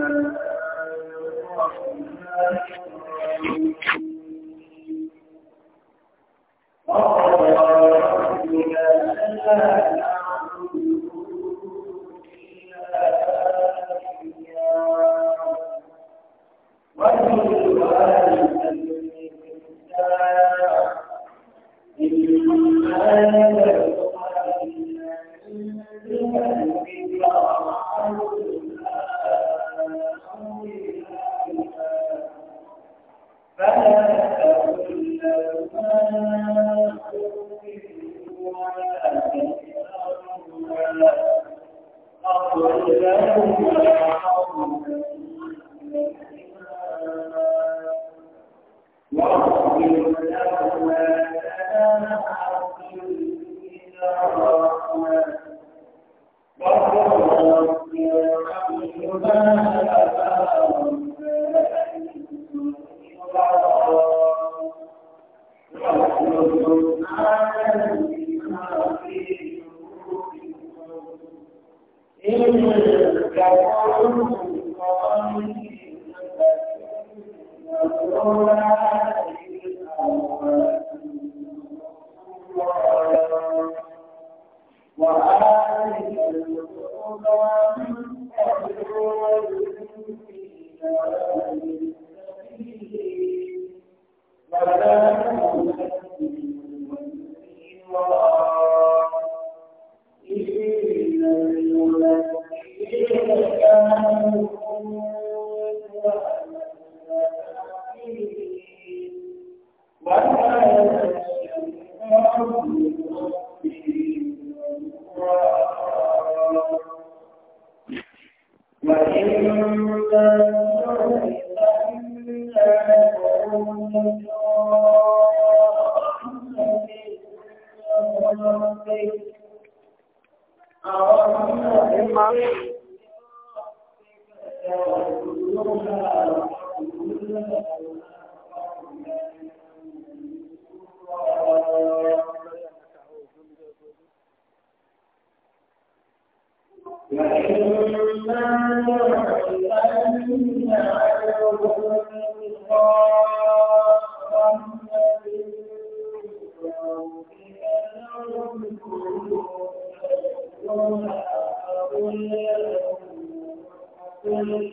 Thank you. قولا قل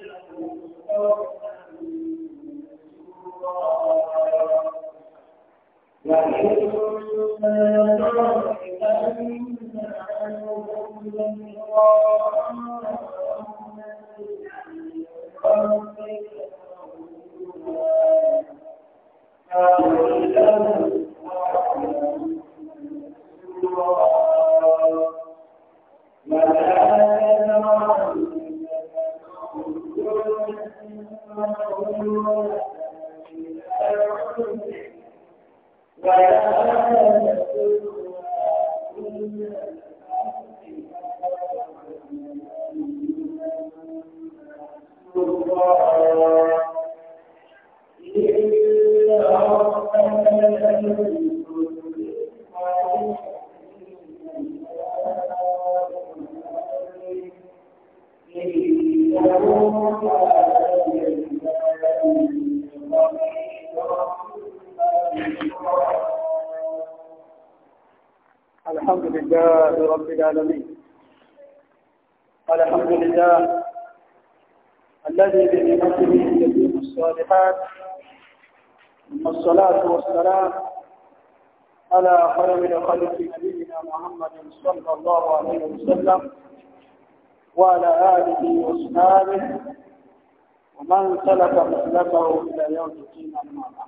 سلك مسلكه إلى يوم الدين أما بعد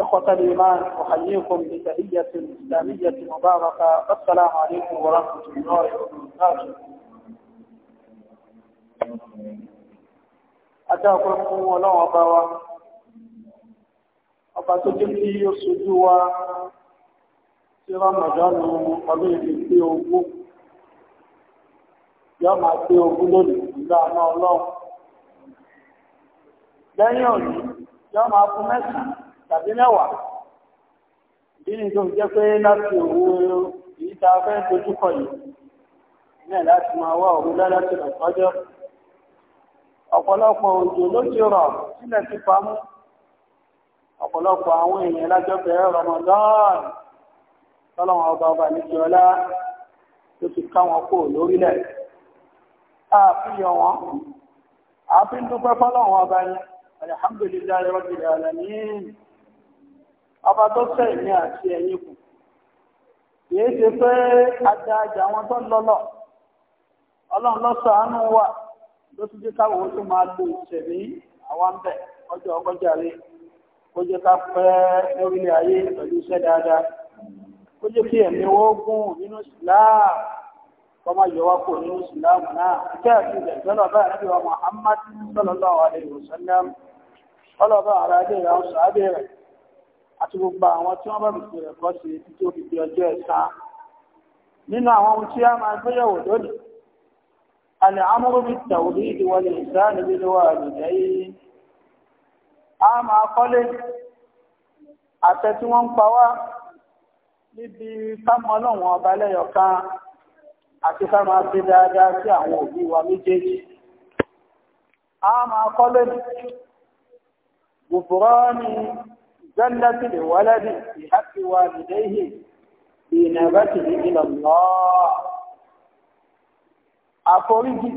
إخوة الإيمان أحييكم بتحية إسلامية مباركة السلام عليكم ورحمة الله وبركاته أتاكم fún ọlọ́run ọba wa, ọba tó jẹ́ kí ó ṣojú wa tí Ramadanu ọdún ìlú lẹ́yìn òní yọ máa fún mẹ́sàn-án tàbí mẹ́wàá ìdí ni tó jẹ́ pé láti òwú èyí tá a fẹ́ dojúkọ yìí náà láti máa wá òwú lọ́lá tó lọ tọ́jọ́ ọ̀pọ̀lọpọ̀ òjò ló ti rọ̀ sílẹ̀ ti pamọ́ ọ̀pọ̀lọpọ̀ àwọn èèyàn lájọ́ bẹ̀rẹ̀ rọmọdán tọ́lọ́wọ́n ọba ọba ní jọlá tó ti ká wọn kó lórílẹ̀ àfihàn wọn àfi ń dúpẹ́ fọ́lọ́wọ́n ọba yẹn Alhamdulillahi Rabbil Alamin. Ọba tó sẹ́ ìní àti ẹ̀yìn kù. Kìí ṣe pé adájà wọn tó lọ́lọ̀. Ọlọ́run ló ṣàánú wa ló tún jẹ́ káwọ́ tó máa lo ìṣẹ̀mí àwọn bẹ̀ ọjọ́ ọgọ́jà rí. Kó jẹ́ ká pẹ́ lórílẹ̀ ayé pẹ̀lú iṣẹ́ kò nínú ìsìláàmù náà. Ìkẹ́ àti bá ẹ̀rẹ́bí wa Muhammad sallallahu alaihi wasallam ọlọ́ọ̀bá ara ilé rẹ̀ ọ̀sọ̀ abẹ́ rẹ̀ àti gbogbo àwọn tí wọ́n bá bèèrè rẹ̀ kọ́ sí ibi tó fi di ọjọ́ ẹ̀san nínú àwọn ohun tí a máa gbéyàwó lónìí àlẹ́ amúrúbí tàwùrí ìdíwọlé ìsáàlì nílùú àlùjẹ́ yìí a máa kọ́lé àtẹ tí wọ́n ń pa wá níbi kámọ́ ọlọ́run ọba lẹ́yọ̀kan àti ká máa sí àwọn òbí wa méjèèjì a máa kọ́lé غفران زلة الولد في حق والديه في نابته إلى الله àforíjì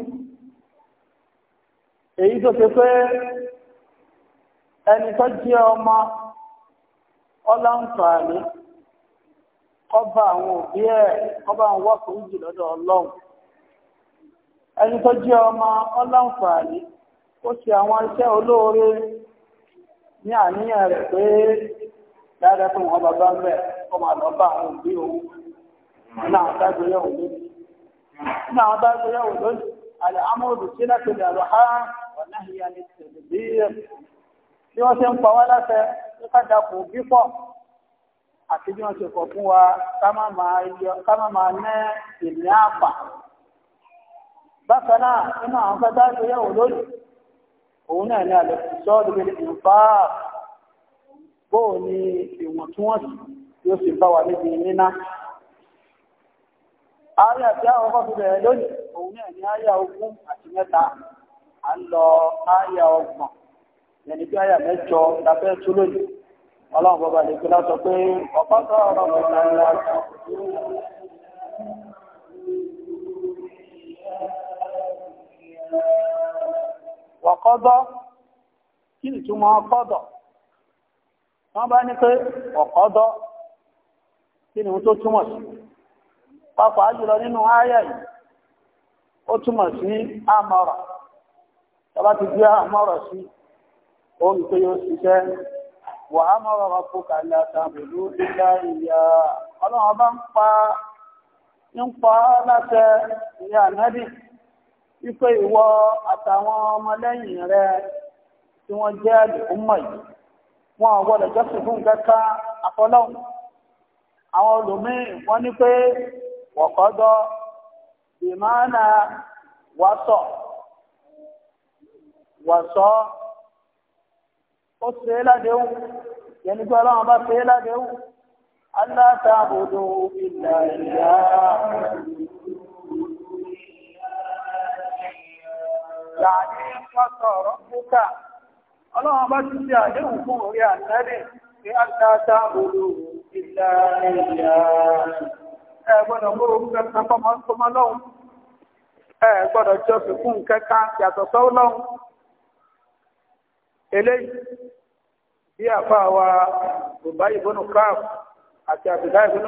èyí tó ṣe pé ẹni ọlọ́nfààní kọba àwọn òbí ẹ̀ kọba àwọn ọlọ́run ẹni tó jẹ́ ọmọ ọlọ́nfààní ó ní àníyàn rẹ̀ pé dáadáa fún wọn bàbá ń bẹ̀ ọmọ àlọ́bà àwọn òun náà lónìí dàrọ̀ ha bí ní àti bí wọ́n ṣe kọ̀ fún wa máa àpà náà nínú àwọn fẹ́ dágbéyàwó lónìí òun náà ní alẹ́ sọ́ọ̀dù bí i bá bóò ní ìwọ̀ntúnwọ̀nsì yóò sì bá wà níbi níná ààrẹ àti àwọn ọkọ̀ bẹ̀rẹ̀ lónìí òun náà ní àyà ogún àti mẹ́ta à ń lọ wọ̀kọ́dọ́ kí ni túmọ̀ ọkọ́dọ̀ wọ́n bá ní pé ọ̀kọ́dọ́ kí ni ninu tó túmọ̀ sí pàápàá jùlọ nínú ayé yìí ó túmọ̀ sí àmọ̀rọ̀ tọ́bá ti gbé àmọ̀rọ̀ sí òun pé yóò ṣiṣẹ́ wà àmọ̀rọ̀ ọkọ̀ kàlẹ̀ àtàbùlú nígbà ìyá wípé ìwọ àtàwọn ọmọlẹ́yìn rẹ tí wọ́n jẹ́ àdìkúnmọ̀ yìí wọn ò gbọ́dọ̀ jọ́sìn fún kankan àfọlọ́hùn àwọn olùmíín wọ́n ní pé wọ̀kọ́dọ̀ ìmáàna wàsọ̀ wàsọ̀ ó ṣe é ládéhùn yẹnni pé ọlọ́run bá ṣe é ládéhùn aláta àbòdò ìlà ìyá láàrin pọ́sọ̀ ọrọ ọlọ́run bá ti ṣe àdéhùn fún orí àtẹ́lẹ̀ tí a dáadáa olú ìlà ìyá ẹgbọ́dọ̀ gbọ́rọ̀ kẹkọmọ́ lọ́hun ẹgbọ́dọ̀ jọ fi fún kẹka yàtọ̀ sọ́ lọ́hun bí wa bùbá ìbónú àti ìbónú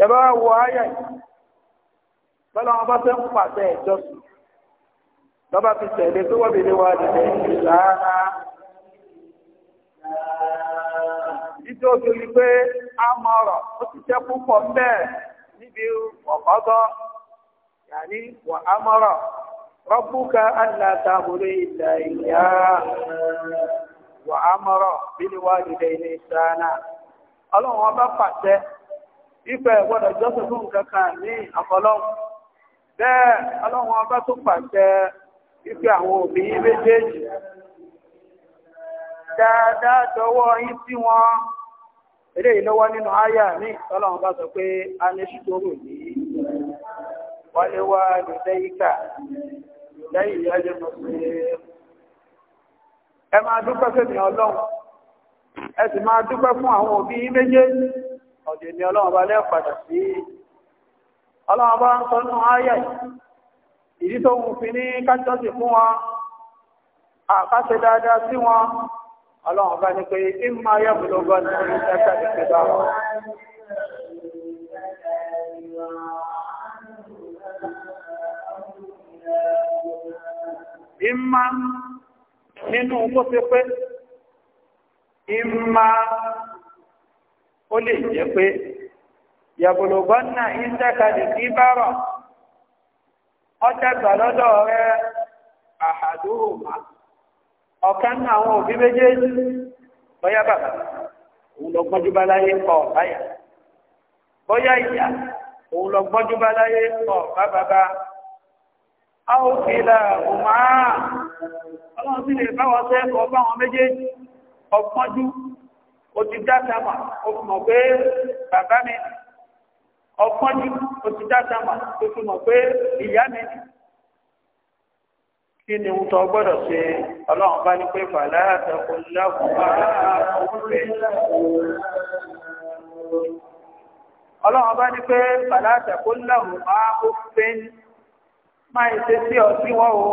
yabaa wa wọ ayà yìí wọn bá fẹ́ ń pàṣẹ ìjọsìn lọ́ba fi tẹ̀lé tó wọ́n bèèrè wa dìde ìlànà pé a mọ ọ̀rọ̀ ó ti jẹ́ púpọ̀ bẹ́ẹ̀ níbi ọ̀kọ́tọ́ yàní wà á mọ̀rọ̀ ìlà ìyá bí ni ìpẹ́ ìwọ́dọ̀ jọ́sìn fún kankan ní àfọlọ́hùn bẹ́ẹ̀ ọlọ́run ọba tó pàṣẹ ìpẹ́ àwọn òbí méjèèjì dáadáa dọwọ́ yín sí wọn eré ìlọ́wọ́ nínú àyà ní ọlọ́run bá sọ pé a ní ṣùgbọ́rò ní wọlé wá lè lẹ́yìnká lẹ́yìn ìyájẹ́ mọ̀ sí ẹ máa dúpẹ́ fẹ́mi ọlọ́run ẹ sì máa dúpẹ́ fún àwọn òbí méjèèjì ọ̀dẹ̀ ni ọlọ́run bá lẹ́ẹ̀padà sí ọlọ́run bá ń sọ nínú ayẹ̀ ìdí tó wù fi ní kájọ́sì fún wọn àkáṣe dáadáa sí wọn ọlọ́run ní pé kí máa yẹ bùlọ́gbọ́ ní ẹ̀ka ìpínlẹ̀ ó lè jẹ́ pé yàgòlògbọ́nà ìṣẹ́kàlì sí bárọ̀ ọjàgbà lọ́dọ̀ rẹ àhàdúhùmá ọ̀kan náà àwọn òbí méjèèjì bọ́yá bàbá òun lọ gbọ́njú bá láyé kọ̀ báyà bọ́yá ìyá òun lọ gbọ́njú bá láyé kọ̀ bá bàbá a ó fi là òmáà ọlọ́run sì lè bá wọn sẹ́kọ̀ọ́ bá wọn méjèèjì ọgbọ́njú o ti dá sáma o fi mọ̀ pé bàbá mi ọpọ́n ni o ti dá sáma o fi mọ̀ pé ìyá mi ni kí ni ohun tó gbọ́dọ̀ ṣe ọlọ́run bá ní pé fàlá ọlọ́run bá ní pé fàlá àtẹ̀kù lẹ́kùn bá ọkùnrin máa ṣe sí ọ sí wọn o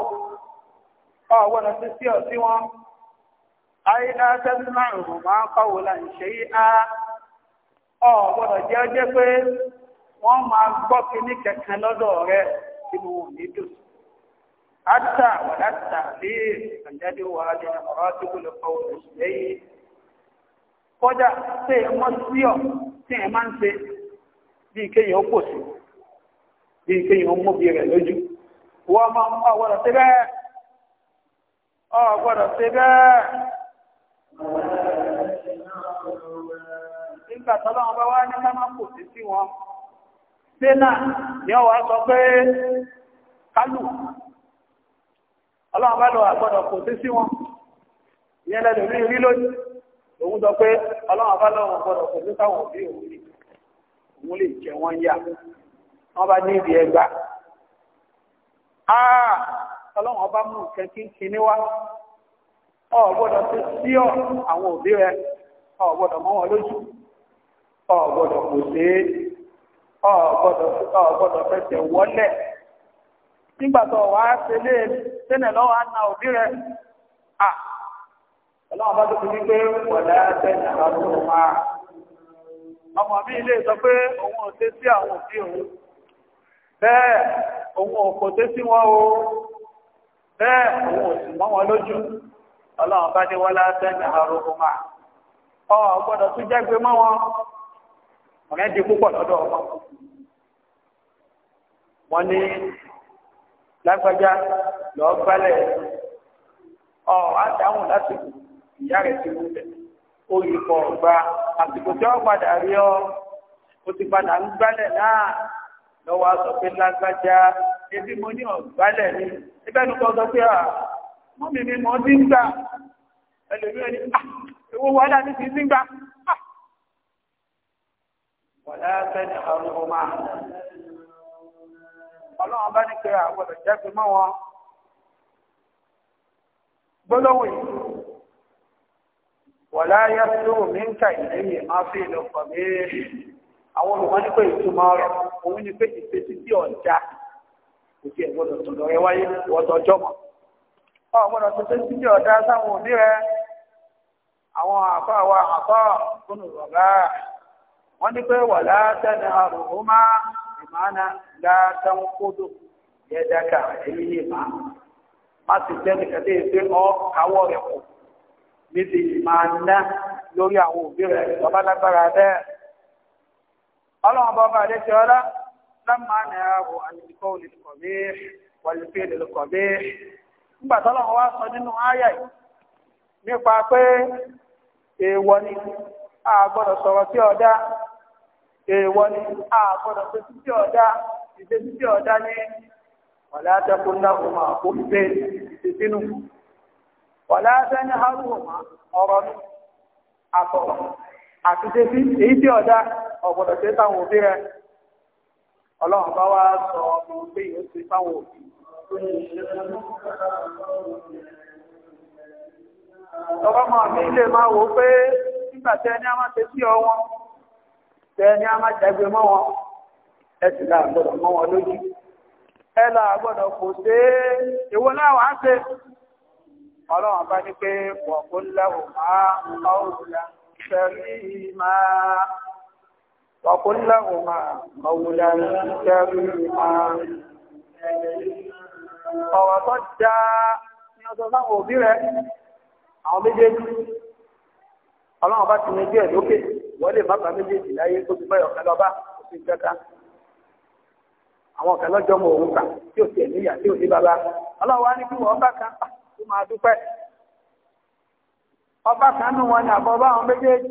ọ gbọ́dọ̀ sí ọ sí wọn. ayé látẹ́sí márùn-ún máa ń kọ́wò là ń ṣe á jẹ́ pé wọ́n máa gbọ́ kẹ̀kẹ́ lọ́dọ̀ wọn ní dùn. àtà wàdàtà bí ìgbàjáde wà ní ọ̀rọ̀ tó kó lè kọ́wò lè ṣe lẹ́yìn. kọjá ẹ sí tí ẹ máa ń ṣe bí kéèyàn pò sí bí kéèyàn lójú. máa ń Nígbà tọ́lọ́wọ́ bá wá ní máa kò sí sí wọn. Sénà ni ọ wá sọ pé kálù. Ọlọ́wọ́ bá lọ àgbọ́dọ̀ kò sí sí wọn. Ìyẹn lẹ́lò rí rí lónìí. Òun sọ pé ọlọ́wọ́ bá lọ́wọ́ gbọ́dọ̀ kò sí sáwọn òbí òun ni. Òun lè jẹ wọ́n yá. Wọ́n bá ní ibi ẹgbà. Áà! Ọlọ́wọ́ bá mú nǹkan kí ń kí níwá. ọ̀gbọ́dọ̀ ti sí ọ̀ àwọn òbí rẹ ọ̀gbọ́dọ̀ mọ́ wọn lójú ọ̀gbọ́dọ̀ kò sí ọ̀gbọ́dọ̀ fẹsẹ̀ wọlẹ̀ nígbàtọ̀ wà á ṣe lé tẹ́lẹ̀ lọ́wọ́ àna òbí rẹ à ọlọ́wọ́ bá tó fi wípé wọ̀lẹ́ ọmọ mi sọ pé òun ò tẹ́ sí àwọn òbí òun bẹ́ẹ̀ òun ò kò tẹ́ sí wọn o bẹ́ẹ̀ òun ò sì ọlọ́run bá ní wọ́lá tẹ́nà àrùn máa ọ gbọ́dọ̀ tún jẹ́gbé mọ́ wọn ọ̀rẹ́ di púpọ̀ lọ́dọ̀ ọmọ wọn ní lágbájá lọ gbálẹ̀ ọ àdáhùn lásìkò ìyá rẹ̀ ti wúlẹ̀ ó yí kọ ọgbà àsìkò tí wọ́n padà rí ọ ó ti padà ń gbálẹ̀ náà lọ́wọ́ aṣọ pé lágbájá ebi mo ní ọ̀gbálẹ̀ ni ẹgbẹ́ nu kọ́ pé à mọ́ mi ni mọ́ ti ń gbà ẹlòmíràn ni ah, owó wàhálà ní ti ń gbà ah. wàhálà sẹ́ni àwọn ọmọ ọlọ́run bá ní pé àwọn ọ̀dọ̀ jẹ́ pé mọ́ wọn gbọ́lọ́wìn wàlá yá tó mẹ́ǹkà ìlẹ́yìn máa fi lọ pàdé àwọn olùmọ́ nípa ìtumọ̀ rẹ̀ òun ni pé ìfẹ́ títí ọ̀já kò sí ẹ̀gbọ́dọ̀ tọ̀dọ̀ rẹ wáyé wọ́tọ̀ ọjọ́ mọ́ ọgbọ́dọ̀ tuntun sí ti ọ̀dá sáwọn òbí rẹ àwọn àfọ àwọn àfọ gbónú rọ̀bá wọ́n ní pé wà látẹ́ni àrùn má ìmáná látẹ́n kódò yẹ́dáka èyí ní ìmá má ti jẹ́ni kẹ́tẹ́ ìpé ọ́ káwọ́ rẹ̀ kù níbi ìmáná lórí àwọn òbí rẹ̀ lọ́bá lágbára bẹ́ẹ̀ ọlọ́run bọ́ba àdéṣẹ́ ọlá lọ́mọ àná àrùn àti ìkọ́ òlìkọ̀bí wọlé fèlè lọ́kọ̀bí nígbà wá sọ nínú ayà yìí nípa pé èèwọ̀ ni a gbọ́dọ̀ sọ̀rọ̀ sí ọ̀dá èèwọ̀ ni a gbọ́dọ̀ sí ọ̀dá ìṣe sí ọ̀dá ní wàlá tẹkùn kó gbé ìṣe sínú wàlá ọ̀rọ̀ Ọlọ́mọ mi lè máa wò pé nígbà tẹ ní a máa ṣe sí ọ wọn, tẹ ní a máa jẹgbe mọ́ wọn, ẹ sì là gbọ́dọ̀ mọ́ wọn lójú. Ẹ là gbọ́dọ̀ kò ṣe èwo láwàá ṣe. Ọlọ́run bá ní pé wọ̀ kó lẹ́wọ̀ máa ọ̀rùlá ṣẹ̀rí máa wọ̀ kó lẹ́wọ̀ máa ọ̀rùlá ṣẹ̀rí máa. ọ̀rọ̀ tó já ní ọjọ́ sáwọn òbí rẹ̀ àwọn méjèèjì ọlọ́run bá ti ní díẹ̀ lókè wọ́n lè má ba méjèèjì láyé tó ti báyọ̀ kálọ́ bá tí ah, ọba wọn àbọ̀ bá àwọn méjèèjì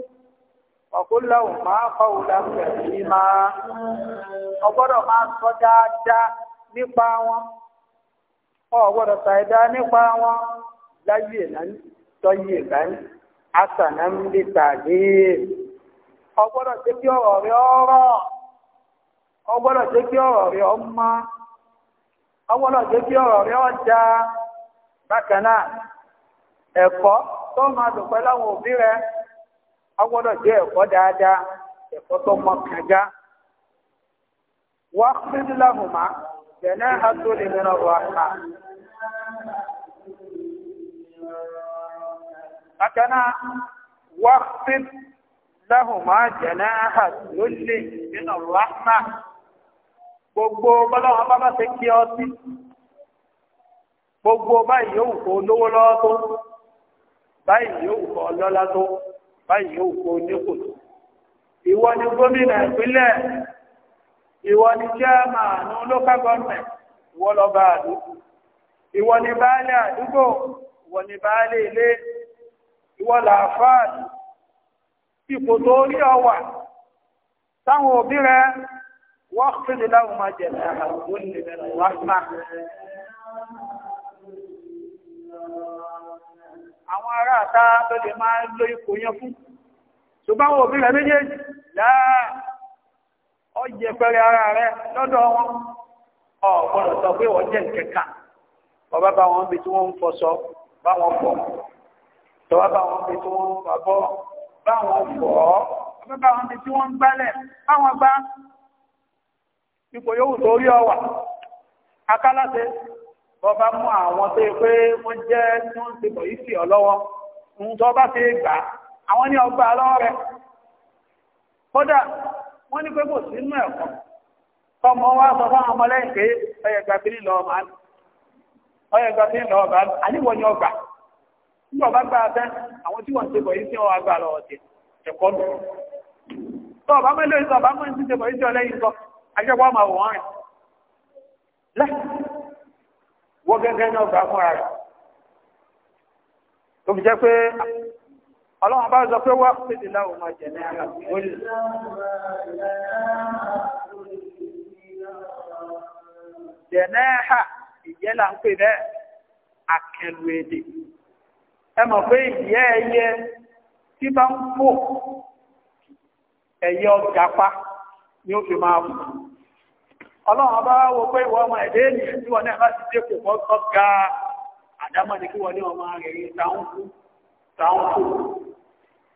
máa sọ dáadáa nípa wọn ọ̀gbọ́dọ̀ ṣàìdá nípa wọn láyé ìlànà tọ́yí ìbáyé àtànà ń lè tàbí ọgbọ́dọ̀ ṣe kí ọrọ rẹ ọrọ ọgbọ́dọ̀ ṣe kí ọrọ rẹ ọmọ ọgbọ́dọ̀ ṣe kí rẹ ọjà ẹ̀kọ́ tó máa جناح الذل من الرحمة فكنا واخفض لهما جناح الذل من الرحمة gbogbo bọ́lọ́wọ́ bá bá ṣe kí ọ sí gbogbo báyìí yóò kó lówó lọ́wọ́ tó báyìí yóò kó ọlọ́lá tó báyìí yóò kó ìwọ ni gómìnà ìpínlẹ̀ ìwọ ni chairmanu local government ìwọ lọba àdúgbò ìwọ ni baálé àdúgbò ìwọ ni baálé ilé ìwọ làáfáàdì ipò tó rí ọwà táwọn òbí rẹ wọ́n fìdí láwọn máa jẹ̀ àwọn ará àta tó lè máa lo ipò yẹn fún ṣùgbọ́n òbí rẹ méjèèjì láàá ọjẹ pẹrẹ ara rẹ lọ́dọ̀ wọn ọ̀gbọ́dọ̀ sọ pé wọ́n jẹ́ nkẹka bàbá bá wọn bí tí wọ́n ń fọṣọ bá wọn fọ bàbá bá wọn bí tí wọ́n ń fàbọ́ bá wọn fọ bàbá bá wọn bí tí wọ́n ń gbálẹ̀ bá wọn gbá ipò yòówù tó rí ọwà akálàṣe bàbá mú àwọn tó yẹ pé wọ́n jẹ́ tí wọ́n ń ṣe bọ̀ yìí sí ọ lọ́wọ́ ohun tó bá ṣe gbà àwọn ní ọgbà lọ́wọ́ rẹ̀ kódà wọ́n ní pé kò sí inú ẹ̀kọ́ tọmọ wa sọ fún àwọn ọmọlẹ́yìn pé ọyẹ àníwọ̀ ni ọgbà nígbà ọba gba abẹ́ àwọn tí wọ́n yìí lọ ẹ̀kọ́ ọba mẹ́lẹ̀ sọ ọba mọ́ ní ṣebọ̀ yìí sí sọ lẹ́ wọ́n gẹ́gẹ́ ọlọ́run bá sọ pé wá pèsè láwọn ọmọ jẹ̀ ní ara jẹ̀nẹ́hà ìyẹ́ là ń pè bẹ́ àkẹlù èdè ẹ mọ̀ pé ìyẹ́ ẹyẹ tí bá ń ẹ̀yẹ ọjàpá ni ó fi máa ọlọ́run bá wo pé ìwọ ọmọ ẹ̀dẹ́ ènìyàn tí wọ́n náà bá ti ga kí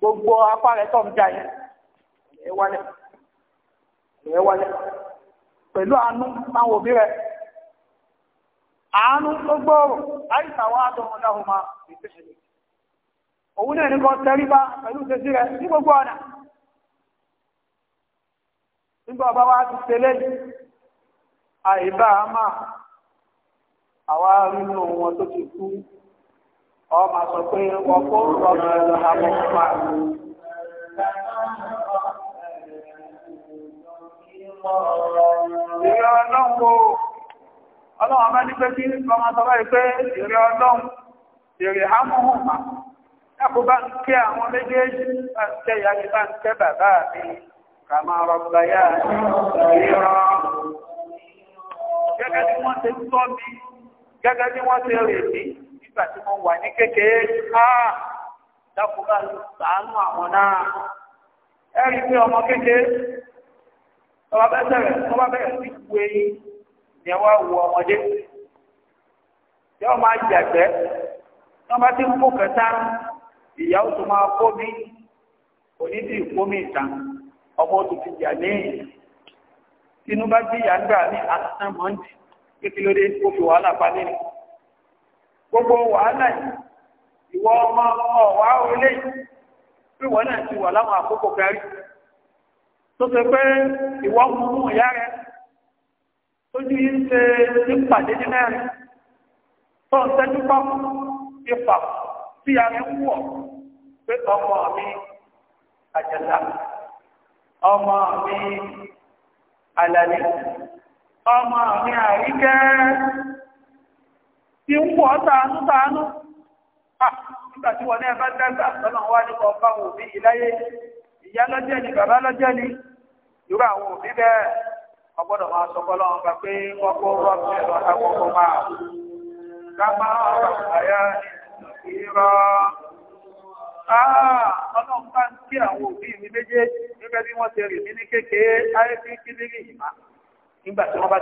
gbogbo apá rẹ̀ tọ̀ ń ja yẹn ẹ wálẹ̀ ẹ wálẹ̀ pẹ̀lú àánú táwọn òbí rẹ̀ àánú tó gbòòrò àìsàn wa òun náà nìkan pẹ̀lú ní gbogbo ọ̀nà nígbà bá wá ti tẹ́lẹ̀ àìbá àmà àwa nínú wọn tó ọmọ sọ pé ọkọ rọmọ ìlànà fà. Ìrẹ́ ọlọ́run o, ọlọ́run bá ní pé kí ọmọ bá ń kí àwọn méjèèjì bá ń kẹ́ ìyá bá ń kẹ́ bàbá yá Gẹ́gẹ́ bí wọ́n ti mí, nígbà tí wọ́n wà ní kékeré áà ah, dákúbá ṣàánú àwọn náà ẹ̀rí pé ọmọ kékeré ọba bẹ́sẹ̀rẹ̀ ọba bẹ́ẹ̀ sí ìwú eyín ni ẹ wá wo ọmọdé tí ọmọ àjàgbẹ́ tí wọ́n bá ti ń kó kẹta ìyàwó tó máa kó mi onídìí kó mi ìtàn ọmọ tó ti jà ní inú bá jíyà ń gbà ní àtàmọ́ǹdì kékeré ó fi wàhálà pa nínú gbogbo wàhálà yìí ìwọ ọmọ ọwà olè pé wọn náà ti wà láwọn àkókò kárí tó ṣe pé ìwọ mú ìyá rẹ tójú yìí ń ṣe nípàdé ní mẹ́rin tó ń tẹjú pọ ìfà tí a rẹ wù pé ọmọ mi àjàlá ọmọ mi àlàlẹ ọmọ mi àríkẹ́. tí ń pọ̀ tàánú tàánú nígbà tí wọ́n ní ẹbá dágbà tọ́nà ọba òbí iláyé ìyá lọ́jẹ́ ni bàbá lọ́jẹ́ ni àwọn òbí bẹ́ẹ̀ ọgbọ́dọ̀ máa sọkọ́ lọ́wọ́ pé wọ́n kó rọ́ọ̀bù máa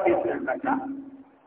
máa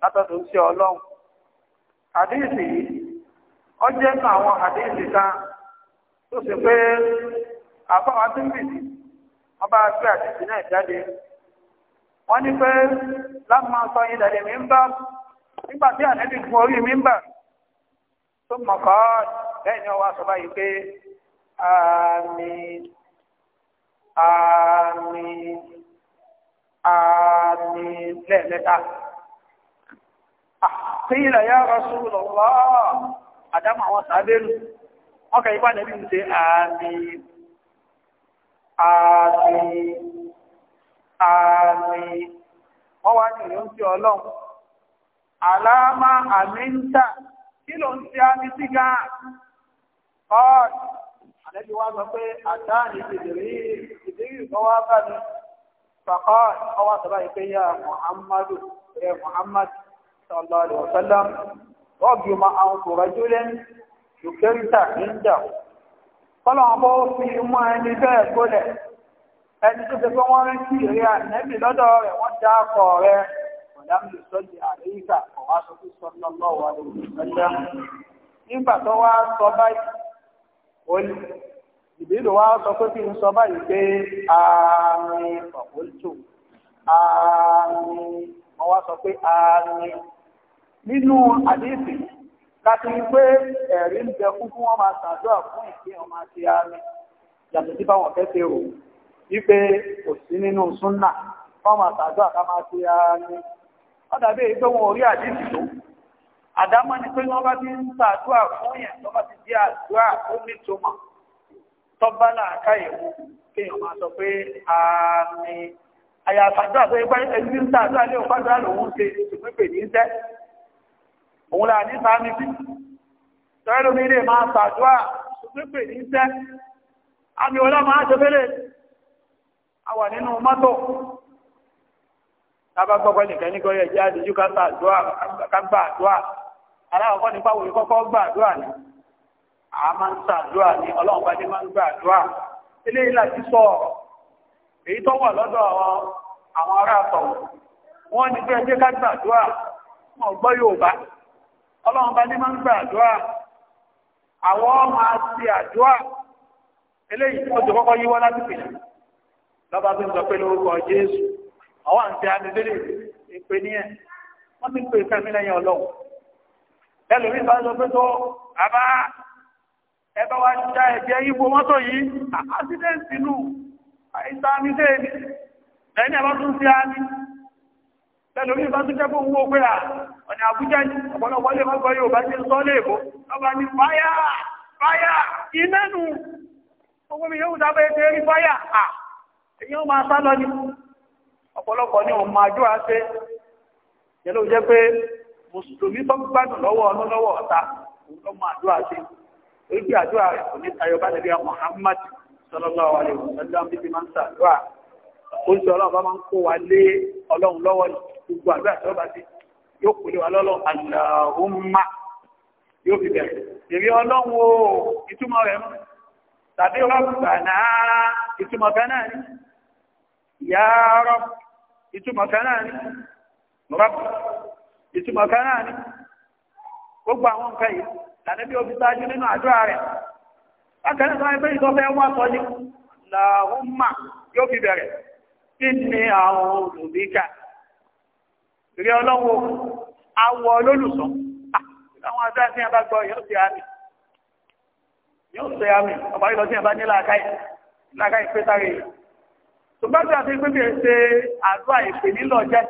látọ̀dún sí ọlọ́run àdíìsì yìí ó jẹ́ nù àwọn àdíìsì kan tó sì pé àbáwá tó ń bìtì wọ́n bá gbé àdíìsì náà jáde wọ́n ní pé lámà sọ yìí dàdé mi ń bá nígbà tí ànẹ́bí gun orí mi ń bà tó mọ̀ kọ́ bẹ́ẹ̀ ni ọwọ́ àsọ̀bá yìí pé àmín àmín àmín lẹ́ẹ̀mẹ́ta qila ya rasulullah àdámà àwọn sàábẹ́rù wọ́n kà ipá nẹ́bí ṣe àmín àmín àmín wọ́n wá ní ìlú sí ọlọ́run àlámà àmíńtà kí ló ń ṣe àmì sí gáà ọ́d àlẹ́bí wá sọ pé àdáàní ìdìrí ìdìrí tó wá bá mi fàkọ́ ọwọ́ àtàbáyé sallallahu alaihi wasallam rọ́gbìmọ̀ àwọn kò rẹ́júlẹ̀ ṣùkẹ́rìtà ní ìjà kọ́lọ̀wọ́ fi mọ́ ẹni bẹ́ẹ̀ gólẹ̀ ẹni tó fẹ́ wọ́n rí sí ìrí ànẹ́bì lọ́dọ̀ rẹ̀ wọ́n dákọ̀ rẹ̀ ọ̀dámìlì sọ́jì àríyíkà ọ̀wá sọ fún sallallahu alaihi wasallam nígbà tó wá sọ báyìí olè ìbílò wá sọ pé kí n sọ báyìí pé ààrin ọ̀pọ̀ ààrin wọ́n wá sọ pé ààrin nínú àdéhìsì láti rí pé ẹ̀rí ń bẹ fún kí wọ́n máa ṣàdúrà fún ìpín ọmọ àti ààrẹ yàtọ̀ sí báwọn fẹ́ ṣe rò wípé kò sí nínú súnnà wọ́n máa ṣàdúrà ká máa ṣe ààrẹ wọ́n dàbí èyí pé wọn ò rí àdéhìsì tó àdámọ́ ni pé wọ́n bá ti ń ṣàdúrà fún òun là ní sáàmì sí tọ́rọ mi lè máa sàdúwà pípè ní iṣẹ́ àmì ọlá máa jẹ fẹ́lẹ̀ a wà nínú mọ́tò lábágbọ́gbọ́ nìkan ní kọ́rẹ̀ jẹ́ àdìjú ká gbàdúwà aláwọ̀kọ́ nípa wòye kọ́kọ́ gbàdúwà ní a máa ń sàdúwà ní ọlọ́run bá ní máa ń gbàdúwà wọ́n ní pé ẹjẹ́ ká gbàdúwà wọ́n gbọ́ Yorùbá ọlọ́run bá ní máa ń gbà àdúrà àwọn ọmọ àti àdúrà eléyìí ọjọ́ kọ́kọ́ yíwọ́ láti pè ní lọ́ba tó ń sọ pé lórúkọ jésù àwọn àǹtí amẹ́lẹ́lẹ́ ìpè ní ẹ̀ wọ́n ti pè fẹ́mi lẹ́yìn ọlọ́run ẹlòmíì bá sọ pé tó àbá ẹ bá wá já ẹ̀jẹ̀ yíbo mọ́tò yìí àkásídẹ́ǹtì nù àìsàn àmì lẹ́yìn ẹ̀ bá tún sí àmì tẹ́lú ní bá tún jẹ́kọ́ owó pé à ọ̀nà àbújá ní ọ̀pọ̀lọpọ̀ lè mọ́gbọ́ yóò bá jẹ́ sọ́lé èkó ọba ní fáyà fáyà ìnẹ́nu owó mi yóò dábẹ́ ẹgbẹ́ rí fáyà à èyàn máa sá lọ ní ọ̀pọ̀lọpọ̀ ní ọmọ àjọ àṣẹ yẹlò jẹ́ pé mùsùlùmí tó Muhammad sallallahu alaihi wasallam bí ti máa ń sàdúrà ó ń sọ ọlọ́run bá máa ń kó wa lé ọlọ́run lọ́wọ́ yìí gbogbo àgbà tó bá ti yóò kó lé wa lọ́lọ́ àlàhùnmá yóò fi bẹ̀rẹ̀ èmi ọlọ́run o ìtumọ̀ rẹ̀ mú tàbí rọ́bà náà ìtumọ̀ kan náà ni yá rọ́b ìtumọ̀ kan náà ni rọ́b ìtumọ̀ kan gbogbo àwọn nǹkan yìí tàbí ó fi sáájú nínú àdúrà rẹ̀ bákan sọ rí ọlọ́wọ́ awọ olólùsọ àwọn adára tí a bá gbọ́ yóò ṣe àmì yóò ṣe àmì ọba yìí lọ sí ẹ̀bá ní làákàyè làákàyè pé sáré tó bá gbà sí pé bí ẹ ṣe àdúrà ìpè nílọ jẹ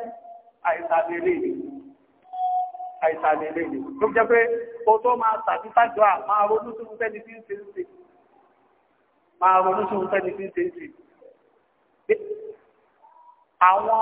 àìsàlélè àìsàlélè tó jẹ pé o tó máa tàbí sájọ máa ronú sí fún fẹ́ni tí ń ṣe máa ronú sí fún fẹ́ni tí ń ṣe àwọn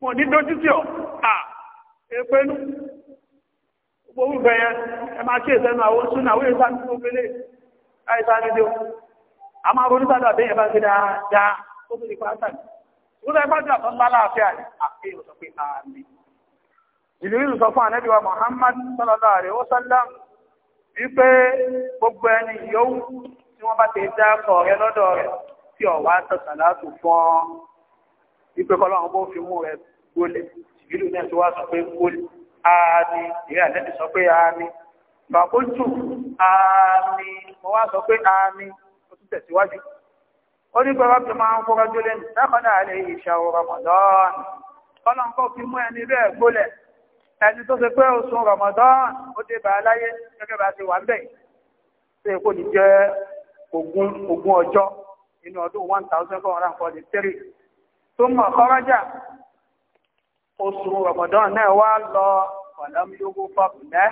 wọn ní dojú sí ọ à èpénú gbogbo orúfẹ yẹn ẹ máa ṣe ìsẹnu àwọn oṣù náà wíyẹn sáà nínú òfélè àìsàn nídìí o a máa ronú sáà dàbí yẹn bá ṣe dáadáa tó tó fún ànábì wa Muhammad sallallahu alaihi wasallam wípé gbogbo ẹni yòówù tí wọ́n bá ti dá ọkọ̀ rẹ lọ́dọ̀ rẹ̀ tí fún ọ wípé kọ́lọ́ àwọn bó fi mú rẹ̀ gbólé ìlú náà tó wá sọ pé gbólé ààni ìrẹ́ àtẹ́tì sọ pé ààni bàkóńtù ààni mo wá sọ pé ààni ó tún tẹ̀síwájú ó ní pẹ̀lú ọ̀pẹ̀ máa ń fọ́rọ̀ jólé ní sákọ̀dá àlẹ́ ìṣà Ramadan kọ́lọ́ ń kọ́ fi mú ẹni bẹ́ẹ̀ gbólẹ̀ ẹni tó ṣe pé oṣù Ramadan ó dé bá aláyé gẹ́gẹ́ bá ti wà ń bẹ̀ ṣe kò ní jẹ́ ogún ọjọ́ inú ọdún one thousand four hundred and forty tó mọ̀ kọ́rọ́jà oṣù rọ̀mọ̀dán náà wá lọ ọ̀làmúlógún fọ́pùlẹ́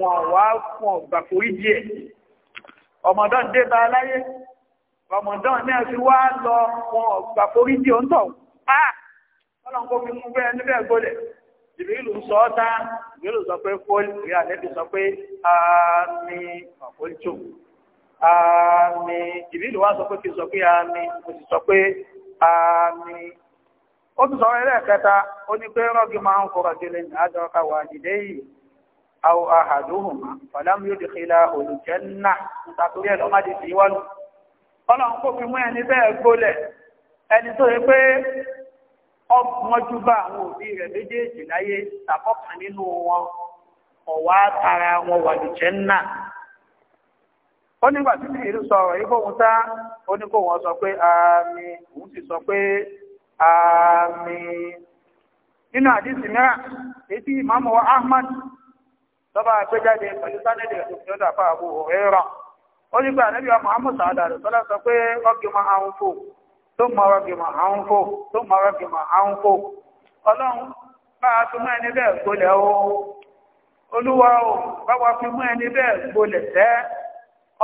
wọn wá fún ọgbà foríjì ẹ̀ ọmọdán dé bá aláyé ọmọdán náà fi wá lọ wọn ọgbà foríjì ọ̀ń tọ̀ á ọlọ́n kó fi mú bẹ́ẹ̀ níbẹ̀ gbọ́lẹ̀ ìbílù sọ ọ́ tán ìbílù sọ pé fọ́ọ̀lì rí àlẹ́bí sọ pé àmì ó tún sọ̀rọ̀ ẹlẹ́ẹ̀kẹta ó ní pé rọ́gì máa ń kọ́ra jẹ́lẹ̀ ní àjọka wà nílé yìí àwọn àhàdóhùn fàlámù yóò dìkìlá olùjẹ́ náà nítorí ẹ̀ lọ́mà di síwájú ọlọ́run ẹni ó nígbà tí ìlú sọ ọ̀rọ̀ yìí fóun tá sọ pé Ami! òun sì sọ pé àmín nínú àdìsí mìíràn etí ìmáàmù Ahmad lọ́ba àgbéjáde pẹ̀lú sánẹ́dì rẹ̀ tó fi ọ́dà fún àbú òrérà ó ní pé ànábì ọmọ amúsà sọ pé ọgbìmọ̀ àwọn fò tó mọ àwọn fò tó mọ àwọn fò ọlọ́run fi ẹni bẹ́ẹ̀ gbolẹ̀ o olúwa o bá wa fi ẹni bẹ́ẹ̀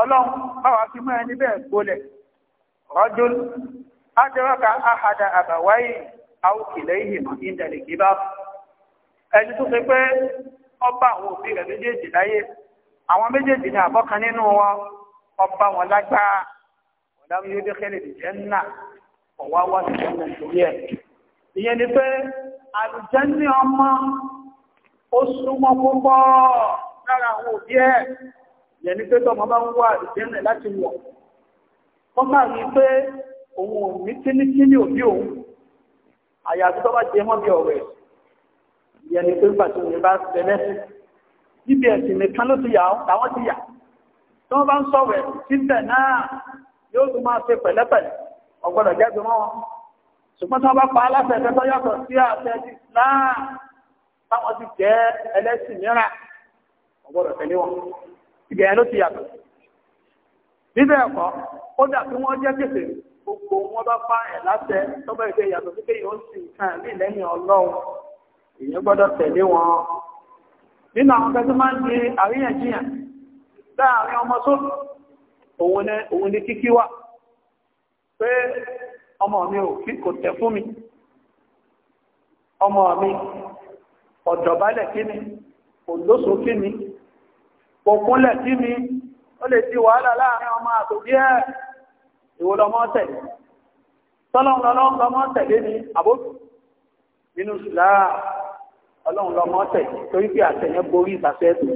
ọlọ́run báwa fi mọ́ ẹni bẹ́ẹ̀ gbolẹ̀ rọ́jò ájọ́rọ́ka àhàdà àbàwáyé àwòkìlẹ̀ ìhìmọ̀ ìdàlẹ̀ gíbá ẹni tó ṣe pé ọba àwọn òbí rẹ̀ méjèèjì láyé àwọn méjèèjì ní àbọ́kan nínú wọn ọba wọn lágbára ọ̀làmú yóò dékẹ́lẹ̀ ìjẹ́nà ọ̀wá wá sí ẹ̀nà ìtòrí ẹ̀ ìyẹn ni pé àlùjẹ́ni ọmọ ó súnmọ́ púpọ̀ lára àwọn òbí ẹ̀ yẹni pé tọ́mọ bá ń wá ìjẹ́nà láti wọ̀ kọ́ máa rí pé òun ò ní kíníkíní òbí òun àyàfi tó bá jẹ mọ́ bí ọ̀rẹ́ yẹni pé nígbà tí òun bá bẹ̀rẹ̀ níbi ẹ̀sìn nìkan ló ti yà ọ́ làwọn ti yà tí wọ́n bá ń sọ̀rọ̀ síbẹ̀ náà yóò tún máa ṣe pẹ̀lẹ́pẹ̀lẹ́ ọ̀gbọ́dọ̀ jáde mọ́ wọn ṣùgbọ́n tí wọ́n bá pa aláṣẹ ẹ̀fẹ́ tó yàtọ̀ sí àṣẹ náà táwọn ti jẹ́ ẹlẹ́sìn mìíràn ọ̀gbọ́dọ̀ tẹ̀lé wọn ibẹ̀ ló ti yàtọ̀ bíbẹ̀ ẹ̀kọ́ ó dà wọ́n jẹ́ pèsè gbogbo wọn bá pààyàn látẹ tọ́bẹ̀ ìgbé ìyàtọ̀ sí pé yóò sì kàn lẹ́yìn ọlọ́run ìyẹn gbọ́dọ̀ tẹ̀lé wọn nínú àwọn ọ̀gá tó máa ń di àríyànjiyàn ọmọ tó òun ni kíkí wà pé ọmọ mi ò kí kò tẹ̀ fún mi ọmọ mi ọ̀dọ̀bálẹ̀ kí kí kò kúnlẹ̀ sí mi ó lè ti wàhálà láàrin ọmọ àtòbí ẹ̀ ìwò lọmọ tẹ̀lé tọ́lọ́run lọmọ tẹ̀lé ni àbójú nínú ìlà ọlọ́run lọmọ tẹ̀lé torí pé àṣẹ yẹn borí ìtàṣẹ tó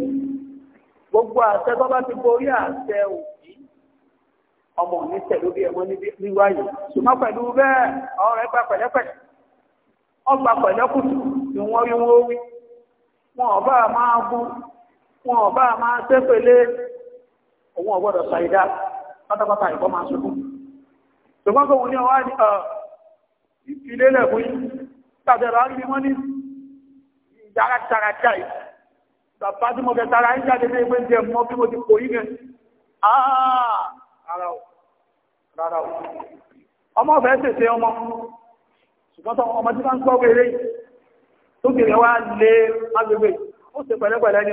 gbogbo àṣẹ tó bá ti borí àṣẹ òbí ọmọ òní tẹ̀lé bí ẹmọ níwáyé ṣùgbọ́n pẹ̀lú bẹ́ẹ̀ ọ̀rẹ́ gbà pẹ̀lẹ́pẹ̀lẹ́ ọgbà pẹ̀lẹ́kùtù ni wọ́n rí wọ́n wí wọn ọba máa gún wọn ọba máa ṣe òun ọgbọ́dọ̀ ṣàìdá pátápátá ìkọ́ máa ṣùgbọ́n kò wọ́n ní ọwá ní fún wọ́n ní ti ṣùgbọ́n tó bá ń gbọ́ tó kèrè wá ó ṣe pẹ̀lẹ́pẹ̀lẹ́ ni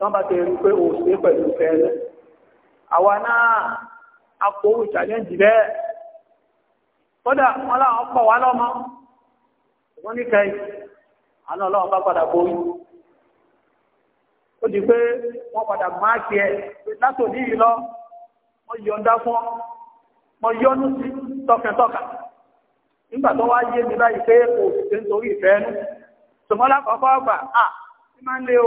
wọ́n bá ti rí pé o ṣe pẹ̀lú ìfẹ́ rẹ̀ àwa náà akọ̀wé challenge bẹ́ẹ̀ kódà wọn pọ̀ wá lọ́mọ ní bá padà ó di pé wọ́n padà lọ wọ́n yọ̀ǹda fún sí tọkàntọkà nígbà tó wá yé mi báyìí pé kò nítorí ìfẹ́ o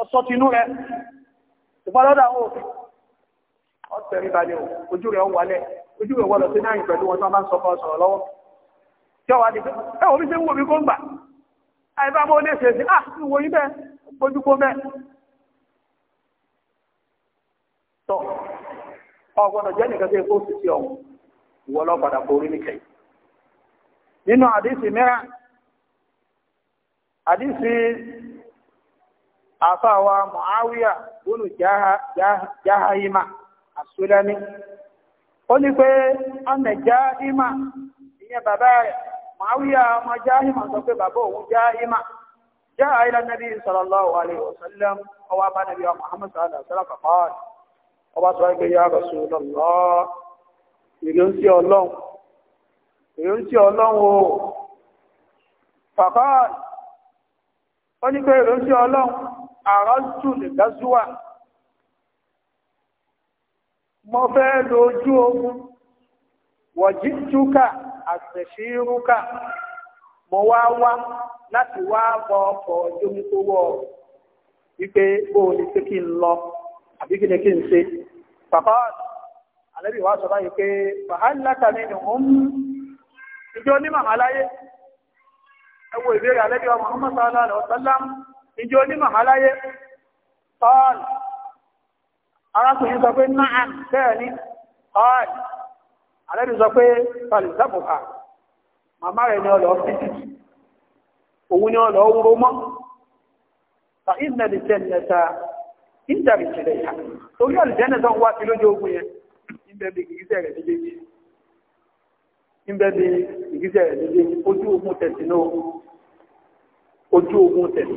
ọsọ tinú rẹ̀ ìfọ́lọ́dà ó ọ̀tẹ̀ rí balẹ̀ ojú rẹ̀ wọlẹ̀ ojú rẹ̀ wọlọ̀ sí náà pẹ̀lú wọn tó máa ń sọ fọ́ sọ̀rọ̀ lọ́wọ́ tí ọwà dìbẹ́ ah, nínú àdísì mìíràn àdísì àfáàwà mọ̀háwíyà bónú jáháímà àsúlẹ́mí ó ní pé ọmọ jáháímà ìyẹn bàbá rẹ̀ ọmọ ima sọ pé bàbá òun jáháímà já àìlà nàbí sallallahu alaihi wasallam ọwá bá nàbí Muhammad sallallahu alaihi wasallam kọ̀kọ́ ọba sọ pé ya Rasulullah ìlú ń sí ọlọ́run ìlú ń sí ọlọ́run o kọ̀kọ́ ó ní pé ìlú ń sí àrọ́jù lìgbàzúwà mo fẹ́ lọ ojú ogun wọ̀jí túkà àtẹ̀ṣírúkà mo wá wá láti wá bọ ọkọ̀ ojú omi wípé ó ní pé kí n lọ àbí kí ni kí n ṣe bàbá àlẹ́bí wa sọ báyìí pé bàhálàkà ni ìhùn ìjọ ní màmá láyé ẹ wo ìbéèrè àlẹ́bí wa Muhammad sallallahu alaihi wa ìjọ onímọ̀ aláyé ọ́ọ̀lù arákùnrin sọ pé náà bẹ́ẹ̀ ni ọ́ọ̀lù alẹ́bí sọ pé pàlì sábùkà màmá rẹ̀ ni ọlọ́ fíjì òun ni ọlọ́ wúrọ mọ́ ta ìnẹ̀lì jẹ́nẹ̀ta ìjàrì jẹ́lẹ̀ ìyá torí àlìjẹ́nẹ̀ta wá sí lójú ogun yẹn ìbẹ̀bẹ̀ ìgbésẹ̀ rẹ̀ méjèèjì ìbẹ̀bẹ̀ ìgbésẹ̀ rẹ̀ méjèèjì ojú ogun tẹ̀sí náà ojú ogun tẹ̀sí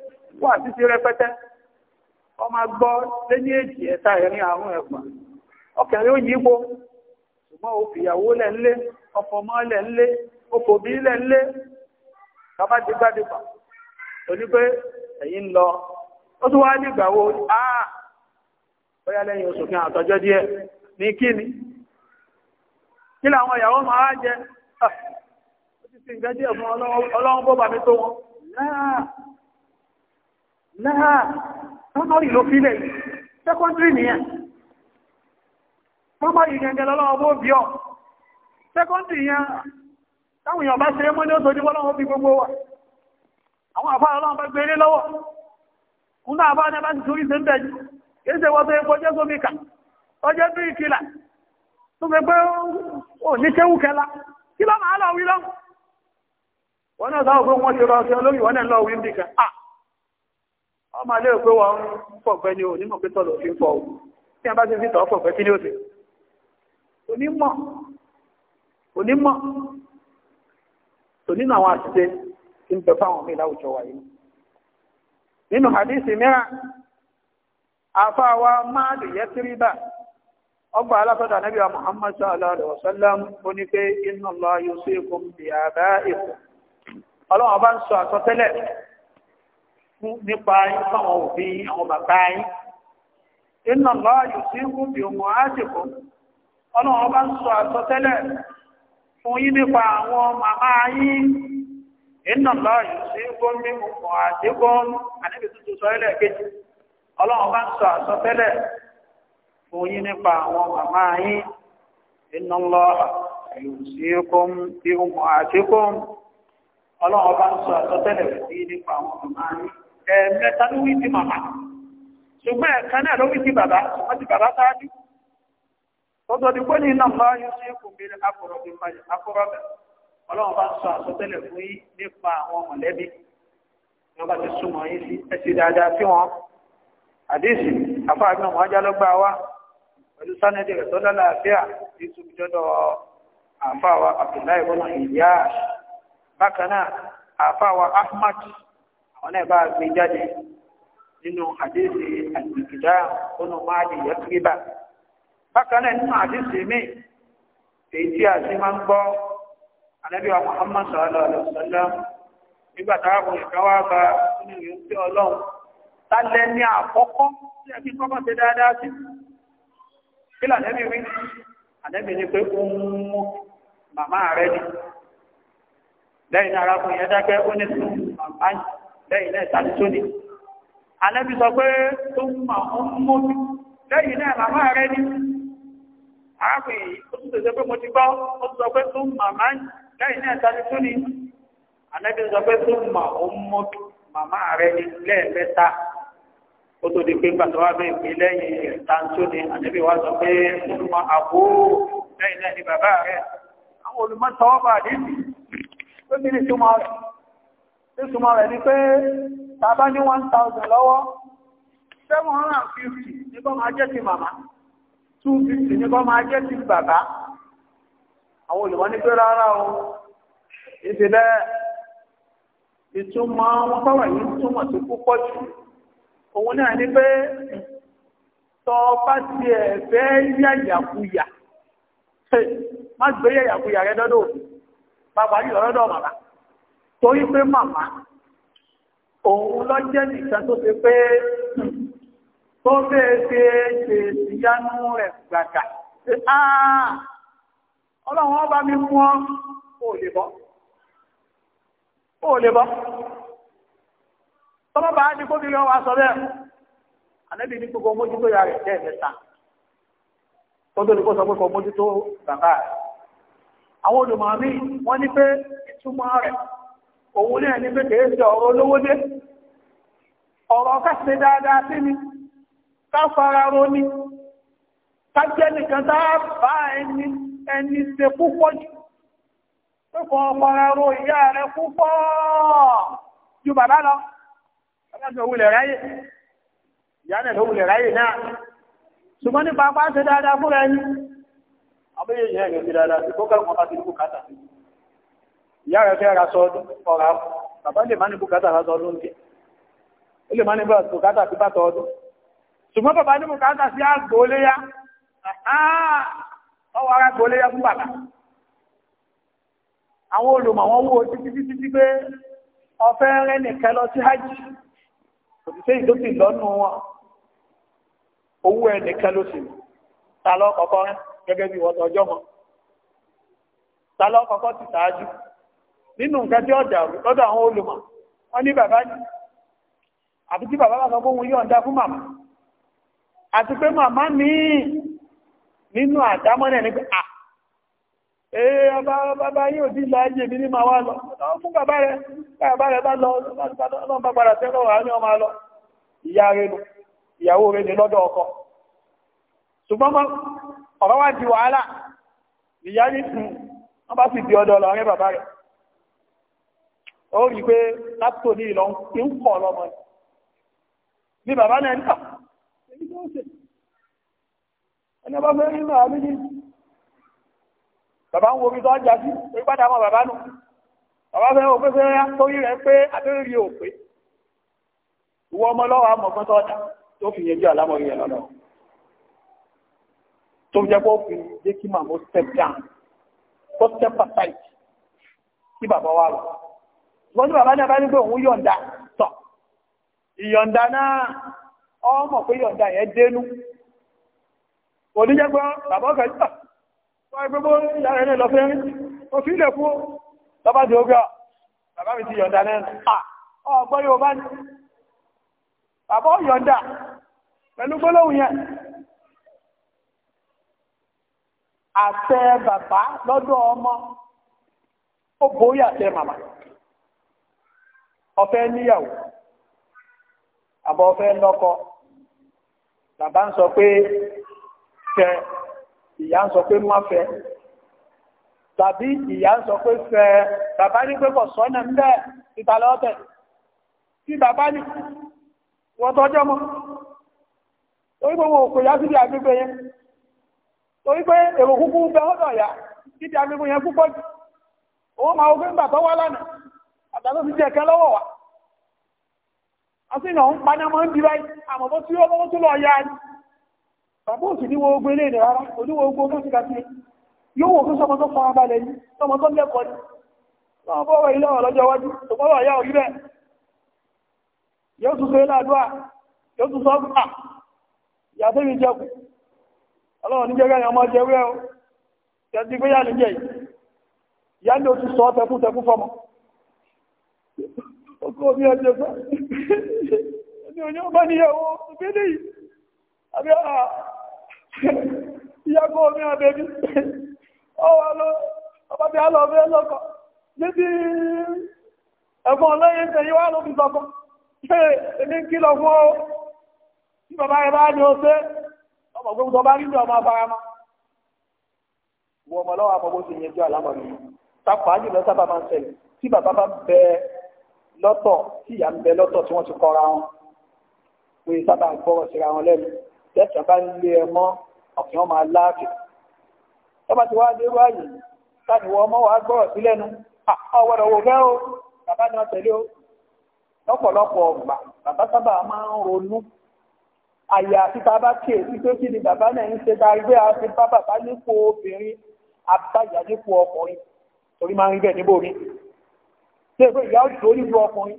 wà títí rẹpẹtẹ ọmọ gbọ́ lé ní èjì ẹ̀ta ẹ̀rin àrùn ẹ̀gbà ọkẹ̀rin ó yípo ṣùgbọ́n ó fìyàwó lẹ̀ ńlé ọkọ mọ́ lẹ̀ ńlé òfòbí lẹ̀ ńlé bàbá ti gbádùgbà torí pé ẹ̀yìn lọ tó wọn lára primary ló fílẹ̀ secondary nìyẹn primary gẹ̀gẹ̀ lọ́lọ́wọ́ bí ọ secondary yẹn táwọn èèyàn bá ṣe mọ́ ní oṣoojú bọ́lọ́wọ́ bí gbogbo wa àwọn àfáà ọlọ́wọ́ bá gbé lọ́wọ́ ọmọ alẹ́ òpé wọ́n ń fọ̀gbẹ́ ni onímọ̀ pé tọ́lọ̀ fi ń fọ̀ tí a bá ti fìtọ̀ fọ̀gbẹ́ kí ní òsì onímọ̀ onímọ̀ tò nínú àwọn àṣìṣe tí ń bẹ fáwọn láwùjọ yìí nínú hadisi mìíràn muhammad sallallahu alaihi wasallam ó ní pé ọba ń sọ nípa ìfáwọn òbí àwọn bàbá yìí iná lọ́yù sí gúnbì ọmọ àṣìkò ọlọ́wọ́ bá ń sọ àtọ́tẹ́lẹ̀ fún yí nípa àwọn màmá yìí iná lọ́yù sí gúnbì ọmọ àṣìkò ọlọ́wọ́ bá ń sọ àtọ́tẹ́lẹ̀ fún yí nípa àwọn màmá yìí iná sí ọmọ ọlọ́wọ́ bá ń sọ àtọ́tẹ́lẹ̀ fún yí nípa àwọn màmá yìí ẹ̀ẹ̀mẹ́ta ló wí sí màmá ṣùgbọ́n ẹ̀kan náà ló wí sí bàbá wọ́n ti bàbá sáájú ó tó di pọ́lì náà bá yóò sí kùnbílẹ̀ akọ̀rọ̀bẹ̀ akọ̀rọ̀bẹ̀ ọlọ́run bá ń sọ àsọtẹ́lẹ̀ fún yí nípa àwọn mọ̀lẹ́bí wọ́n bá ti súnmọ́ yí sí ẹsì dáadáa sí wọn àdéhìsì afáàgbọ̀n wọn ajá ló gbá wa pẹ̀lú sánẹ́dì rẹ̀ tó lálàáfíà ní tùbùjọ́dọ̀ àfáwa Abdullahi bọ́lá ìyá bákan náà àfáwa Ahmad ọ̀nà ìbá gbé jáde nínú àdéhìí àgbègbèdá ọ̀nà máa di yẹ́kíríbà bákan náà nínú àdéhìí mi èyí tí a ti máa ń gbọ́ anábíwá Muhammad sallallahu alaihi wasallam nígbà táwọn ìkan wá bá nínú ìyó tí ọlọ́run tálẹ́ ní àkọ́kọ́ tí a fi kọ́kọ́ ṣe dáadáa sí kí lànẹ́bí wí ànẹ́bí ni pé ó ń mú màmá rẹ ni lẹ́yìn arákùnrin ẹ̀dákẹ́ ó ní sùn màmá yìí lẹ́yìn náà tàbí tó ní alẹ́bí sọ pé tó ń mọ̀ ọ́n mú mi lẹ́yìn náà màmá rẹ ní arákùnrin yìí ó tún tẹ̀sẹ̀ pé mo ti gbọ́ ó sọ pé tó ń mọ̀ máa ń lẹ́yìn náà tàbí tó ní alẹ́bí sọ pé tó ń mọ̀ ọ́n mú mi màmá rẹ ní ó tó di pé gbàtọ́ wá bẹ́ẹ̀ pé lẹ́yìn tàbí ìtumọ̀ rẹ̀ ni pé tàbá ní 1000 lọ́wọ́ 750 ní máa jẹ́ ti màmá 250 ní máa jẹ́ ti bàbá àwọn ní pé rárá o ìfẹ́lẹ́ wọn yìí púpọ̀ jù òun náà ni pé tọ́ bá ti ẹ̀fẹ́ yàyàkuyà má gbé yàyàkuyà rẹ dọ́dọ̀ bàbá yìí lọ́dọ̀ màmá torí pé màmá òun lọ nìkan tó ti pé tó bẹ́ ṣe ṣe ìyanu rẹ̀ gbàgbà ṣe àà ọba mi mú ọ ò lè bọ́ tọ́mọ́ bá ní sọ bẹ́ẹ̀ ànẹ́bí ní gbogbo mójútó ya rẹ̀ jẹ́ ẹ̀mẹ́ta tó tó ní sọ pé kọ mójútó bàbá rẹ̀ àwọn olùmọ̀ mi wọ́n ní pé òun náà ní pé kèé ṣe ọ̀rọ̀ olówó dé ọ̀rọ̀ kásẹ̀ dáadáa sí mi ká fara ro ní ká jẹ́ nìkan tá bá ẹni ẹni ṣe púpọ̀ jù púpọ̀ fara ro ìyá rẹ̀ púpọ̀ ju bàbá lọ ọlọ́sọ̀ wulẹ̀ ráyè ìyá náà ló wulẹ̀ ráyè náà ṣùgbọ́n nípa bá ṣe dáadáa fúnra ẹni àwọn èèyàn ẹ̀yẹ̀ sí dáadáa sí kókàrùn-ún ìyá rẹ̀ fẹ́ ra sọ́ọ́dún ọ̀rá bàbá lè má ní bùkátà a jẹ́ ó lè má ní bùkátà sí bàtọ̀ ọdún ṣùgbọ́n bàbá ní bùkátà sí àgbóléyá ọwọ́ ara gbóléyá fún bàbá àwọn olùmọ̀ wọn wó títí títí pé ọfẹ́ rẹ̀ nìkan lọ sí hajj òṣìṣẹ́ ìdókì lọ́nu wọn owó ẹnìkan ló sì ta lọ kọ̀kọ́ gẹ́gẹ́ bí wọ́n tọjọ́ mọ́ ta lọ kọ̀kọ́ ti ṣáájú nínú nǹkan tí ọjà lọ́dọ̀ àwọn olùmọ̀ wọ́n ní bàbá ní àti tí bàbá bá sọ fún yọ̀ǹda fún màmá àti pé màmá míì nínú àdámọ́nẹ̀ ní pé à ee ọba bàbá yóò ti láàyè mi ní ma wá lọ fún bàbá rẹ̀ bàbá rẹ̀ bá lọ ọlọ́mbà padà tẹ́lọ̀ wà ní ọmọ lọ ìyá rẹ̀ nù ìyàwó rẹ̀ ní lọ́dọ̀ ọkọ ṣùgbọ́n ọ̀rọ̀ wá di wàhálà ìyá ní tún hmm, wọ́n bá sì di ọ̀dọ̀ lọ rẹ̀ bàbá rẹ̀ ó rí pé lápútò ní ìlọ ń kọ̀ lọ́mọ ní bàbá náà níta èyí ẹni ọba fẹ́ nínú àwọn méjì bàbá ń wo omi tó jà sí orí padà mọ́ bàbá nù bàbá fẹ́ wo pẹ́fẹ́ rẹ́ tó rí rẹ̀ pé abẹ́rẹ́ rí òpé ìwọ ọmọ lọ́wọ́ amọ̀gbọ́n tó ọ̀dà tó fi yẹn jẹ́ àlámọ̀rí yẹn lọ́lọ́ tó jẹ́ pé ó fi jẹ́ kí màmú step down tó step aside kí bàbá wà lọ́wọ́ wọ́n tí bàbá náà bá ní pé òun yọ̀ǹda tọ̀ ìyọ̀ǹda náà ọmọ pé yọ̀ǹda yẹn dénú oníjẹ́gbọ́ bàbá ọ̀gá yìí tọ̀ wọ́n ẹgbẹ́ bó ìyá rẹ̀ lọ fẹ́ rí òfin ilẹ̀ fún lọ́bá di ogá bàbá mi ti yọ̀ǹda náà ọgbọ́ yóò bá ní bàbá yọ̀ǹda pẹ̀lú gbólóhùn yẹn àtẹ bàbá lọ́dọ̀ ọmọ ó bóyá àtẹ màmá ọfẹ́ níyàwó àbọ̀ ọfẹ́ lọ́kọ bàbá ń sọ pé fẹ́ ìyá ń sọ pé má fẹ́ tàbí ìyá ń sọ pé fẹ́ bàbá ní pé kọ̀ sọ́nà ń bẹ́ẹ̀ ìta lọ́tẹ̀ tí bàbá ní wọ́n tọ́jọ́ mọ́ torí pé wọn kò yá síbi agbègbè yẹn torí pé èrò kúkú bẹ́ ọ̀dọ̀ yá síbi agbègbè yẹn púpọ̀ jù òun máa ogbé ń bà tọ́wọ́ lánàá àtàtọ́ ti jẹ́ ẹ̀kẹ́ lọ́wọ́ wa asínà ń paná mọ́ ń di àmọ̀bọ́ tí ó lọ́wọ́ tó lọ ya ni bàbá òsì ní wo ogun ilé rárá oníwo ogun tó ti yóò wò fún sọmọ tó fara balẹ̀ yìí sọmọ tó lẹ́kọ̀ọ́ ni lọ́wọ́ bọ́ wẹ̀ ilé sọ ilé àdúrà yóò fọmọ ọkọ̀ omi ọjọ́gbà ní oyún bá níyàwó ìgbélé yìí àbí ah, ìyàgbọ́ omi àbẹ̀bí ọwà lọ ọbábí alọ́bẹ̀ lọ́kọ̀ níbi ẹ̀gbọ́n lẹ́yìn tẹ̀yí wà lóbi sọ́kọ̀ èmi ń kílọ̀ fún ọ tí bàbá rẹ̀ bá ní ọ̀sẹ̀ ọmọ wọ́n ọmọ lọ́wọ́ àmọ́ bó jọ àlámọ̀ mi tápàá jùlọ sábà máa ń ṣẹlẹ̀ tí bàbá bá bẹ́ẹ̀ lọ́tọ̀ tí ìyá ń bẹ lọ́tọ̀ tí wọ́n ti kọ́ra wọn pé sábà gbọ́rọ̀ síra wọn lẹ́nu tẹ́sán bá ń lé ẹ mọ́ ọ̀kìn wọn máa láàfin tọ́ba ti wá dé wáyé táni wọ́n mọ́ wàá gbọ́rọ̀ sí lẹ́nu ọ̀wọ́dọ̀ wò fẹ́ o bàbá ni wọ́n tẹ̀lé o lọ́pọ̀lọpọ̀ ọgbà bàbá sábà máa ń ronú àyà àti bàbá kè sí pé kí ni bàbá náà ń ṣe dáa gbé àti bá bàbá nípò obìnrin àbájá nípò ọkùnrin torí máa ń rí bẹ́ẹ̀ níbò rí ṣe pé ìyá òjò orí bu ọkùnrin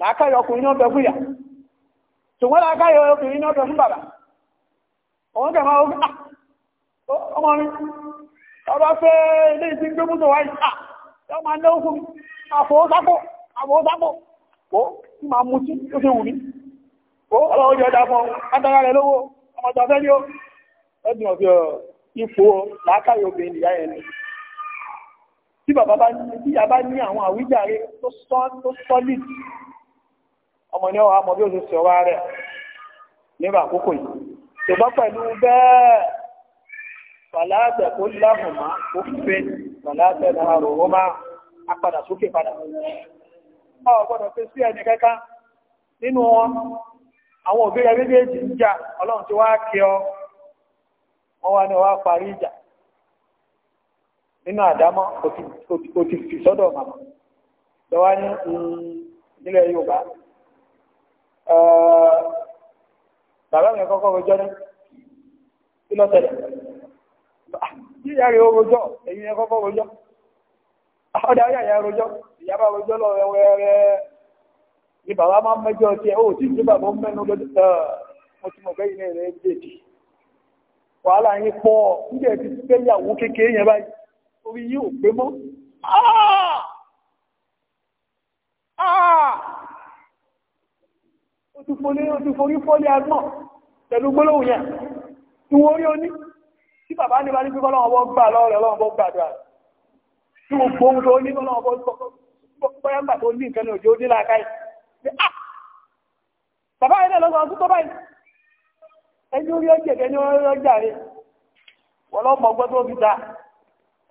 làákàyọ ọkùnrin náà bẹ fún ìyá ṣùgbọ́n làákàyọ ọkùnrin náà bẹ fún bàbá òun kẹ máa ọ ọba fẹ́ ilé ìsìn gbé mú afọ ọmọ tí bàbá bá ní tí ìyá bá ní àwọn àwíjàre tó sọ tó sọlì ọmọ ní ọwọ́ àmọ́ bí ó ṣe ṣe ọwọ́ rẹ̀ nígbà àkókò yìí ṣùgbọ́n pẹ̀lú bẹ́ẹ̀ fàlàtẹ̀ kó láhùnmá ó fẹ́ fàlàtẹ̀ náà rò ó máa apadà sókè padà ọ gbọ́dọ̀ pé sí ẹni kẹ́kà nínú wọn àwọn òbí rẹ̀ méjèèjì ń jà ọlọ́run ti wá kí ọ nínú àdámọ́ o ti fi sọ́dọ̀ màmá lọ́wọ́ ní mm, nílẹ̀ Yorùbá bàbá mi kọ́kọ́ rojọ́ ní kí ló ṣẹlẹ̀ ah, rojọ́ èyí yẹn kọ́kọ́ rojọ́ ọ̀dà ah, ayé rojọ́ ìyábá rojọ́ lọ rẹwẹrẹ ni bàbá máa mẹ́jọ ti ẹ̀ ó tí bàbá mẹ́nu mo ti mọ̀ rẹ̀ dèdè wàhálà yín pọ̀ ti fẹ́ yàwó kékeré yẹn báyìí orí yìí ò pé mọ́ òtùforí ah! ah! fọ́lé agbọ́n pẹ̀lú gbólóhùn yẹn tí wọ́n rí oní tí bàbá ní bá ní pípọ́ lọ́wọ́ gbà lọ́rẹ̀ lọ́wọ́ gbàdúrà tí mo gbóhun tó ní lọ́wọ́ pọ́yàmbà tó ní ìkẹ́ni òjò ní láàkáì bàbá ilẹ̀ lọ́wọ́ ọdún tó báyìí ẹni orí ọjẹ̀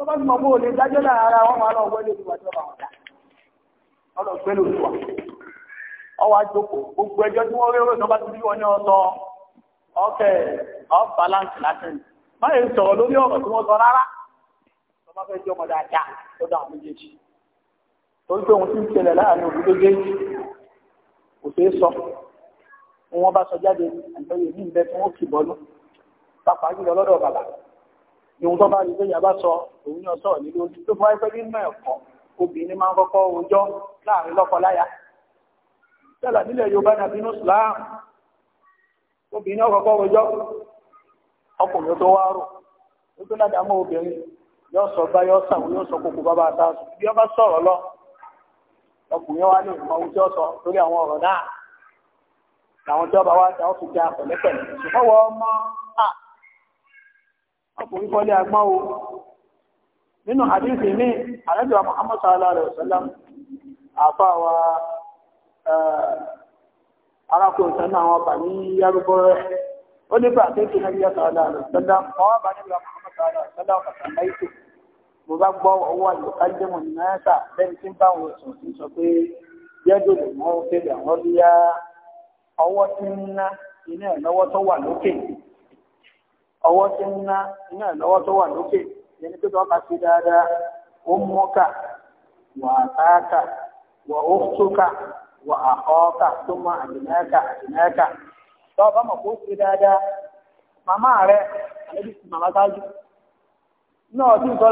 tó bá gbọ́ bó o lè dájọ́ lára ara wọn máa lọ wẹ́lẹ̀ olùwà tó bá wọn dà ọlọ gbẹ́lẹ̀ olùwà ọwọ́ àjòkò gbogbo ẹjọ́ tí wọ́n rí ọ̀rọ̀ tó bá ti wọn ní sọ̀rọ̀ lórí ọ̀rọ̀ tí wọ́n sọ rárá tó bá fẹ́ ọmọdé ajá tó dá àwọn ìwọ̀n bá rí pé yàbá sọ òun ní ọ̀sọ̀ nínú ojú tó fọwọ́ pé nínú ẹ̀kọ́ obìnrin máa ń kọ́kọ́ rojọ́ láàrin lọ́kọ tẹ́lẹ̀ nílẹ̀ Yorùbá nàbí inú Islam obìnrin ọkọ̀kọ́ rojọ́ ọkùnrin tó wá rò ó tó ládàámọ́ obìnrin yóò sọ bá yóò sàwọn yóò sọ kókó bá bá ta bí ó bá sọ̀rọ̀ lọ ọkùnrin wa lè mọ ohun tí ó sọ lórí àwọn ọ̀rọ̀ náà làwọn tí ó wá ta ó fi ja pẹ̀lẹ́pẹ̀lẹ́ ṣùgbọ́n wọ́n mọ́ ọkùnrin kọlé agbọ́n o nínú hadith ní àrẹ́bíwa Muhammad sallallahu alaihi wasallam àfáwà arákùnrin sẹ́nà àwọn ọba ní yárúbọ́ rẹ̀ ó nípa àtẹ́kì nàbíyà sallallahu alaihi ọwọ́ bá níbi Muhammad sallallahu alaihi wasallam ọ̀sán láìsí mo bá gbọ́ ọwọ́ àyọkájẹ́mù náírà lẹ́ni tí ń bá wọn sọ sí sọ pé yẹ́dò lè mọ́ ọwọ́ tí ń ná iná ìlọ́wọ́ tó wà lókè yẹni pé tọ́ka sí dáadáa ó mú ká wà táàkà wà ó túkà wà àkọ́ọ́kà tó mọ àdìmẹ́ẹ̀kà àdìmẹ́ẹ̀kà tọ́ bá mọ̀ kó sí dáadáa màmá rẹ̀ àlébí sí màmá sáájú náà tí ń sọ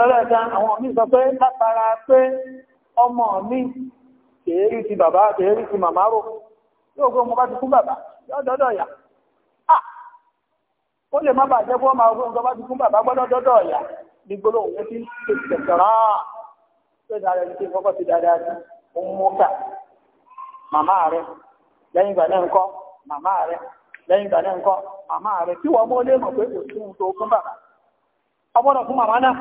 bàbá kèérí ti màmá rò ó lè má bàa jẹ́ fún ọmọ ọgbọ́n tó bá ti fún bàbá gbọ́dọ̀ dọ́dọ̀ ọ̀yà ní ti ń ṣe kọ́kọ́ ti dáadáa mú kà màmá rẹ lẹ́yìn ìgbà náà ń kọ́ màmá rẹ lẹ́yìn ìgbà náà ń kọ́ màmá rẹ tí wọ́n mú pé kò sí ohun tó fún bàbá ọgbọ́dọ̀ fún màmá náà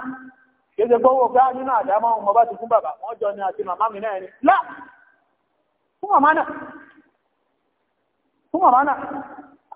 kéde pé á ah, nínú àdámọ́ ọmọ bá ti fún bàbá wọ́n jọ ni àti màmá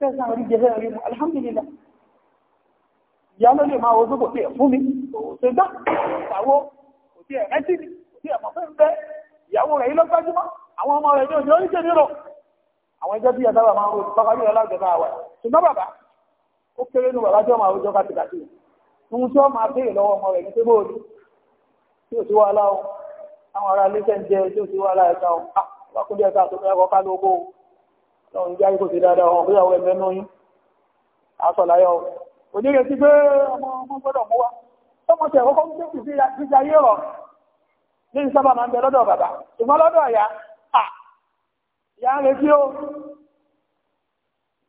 tẹ́sán orí jẹ́ orí mú alhamdulillah ìyá ló lè máa wo tó tí ẹ̀ fún mi kò ṣe ìyàwó kò tí ẹ̀ rántí mi kò tí ẹ̀ mọ̀ fẹ́ ìyàwó rẹ̀ yìí ló gbájúmọ́ àwọn ọmọ rẹ̀ ní òjò oríṣẹ́ nírò àwọn ẹjọ́ tí ìyá sábà máa ń ro bàbá yóò láwùjọ náà wà ṣùgbọ́n bàbá ó kéré nu bàbá tí ó máa rojọ́ ká ti dàtí ohun tí ó máa béèrè lọ́wọ́ ọmọ rẹ̀ ní pé bóòlù tí ò sí wàhálà o àwọn ará ilé tẹ́ ń jẹ tí ò sí wàhálà ẹ̀ka o ah wàkúndé ẹ̀ka àtúntò ẹ̀kọ́ ká lóko o lọ́run já ikú sí dáadáa wọn bóyá ọwọ́ ẹ̀mẹ́nu asọ̀láyọ̀ oníre sí pé ọmọ ọmọ gbọ́dọ̀ mú wa tẹ̀ kọ́kọ́ ń tẹ̀sí sí ìjà yé rọ̀ ní sábà máa ń bẹ lọ́dọ̀ bàbá ṣùgbọ́n lọ́dọ̀ ìyá à ìyá ń retí ó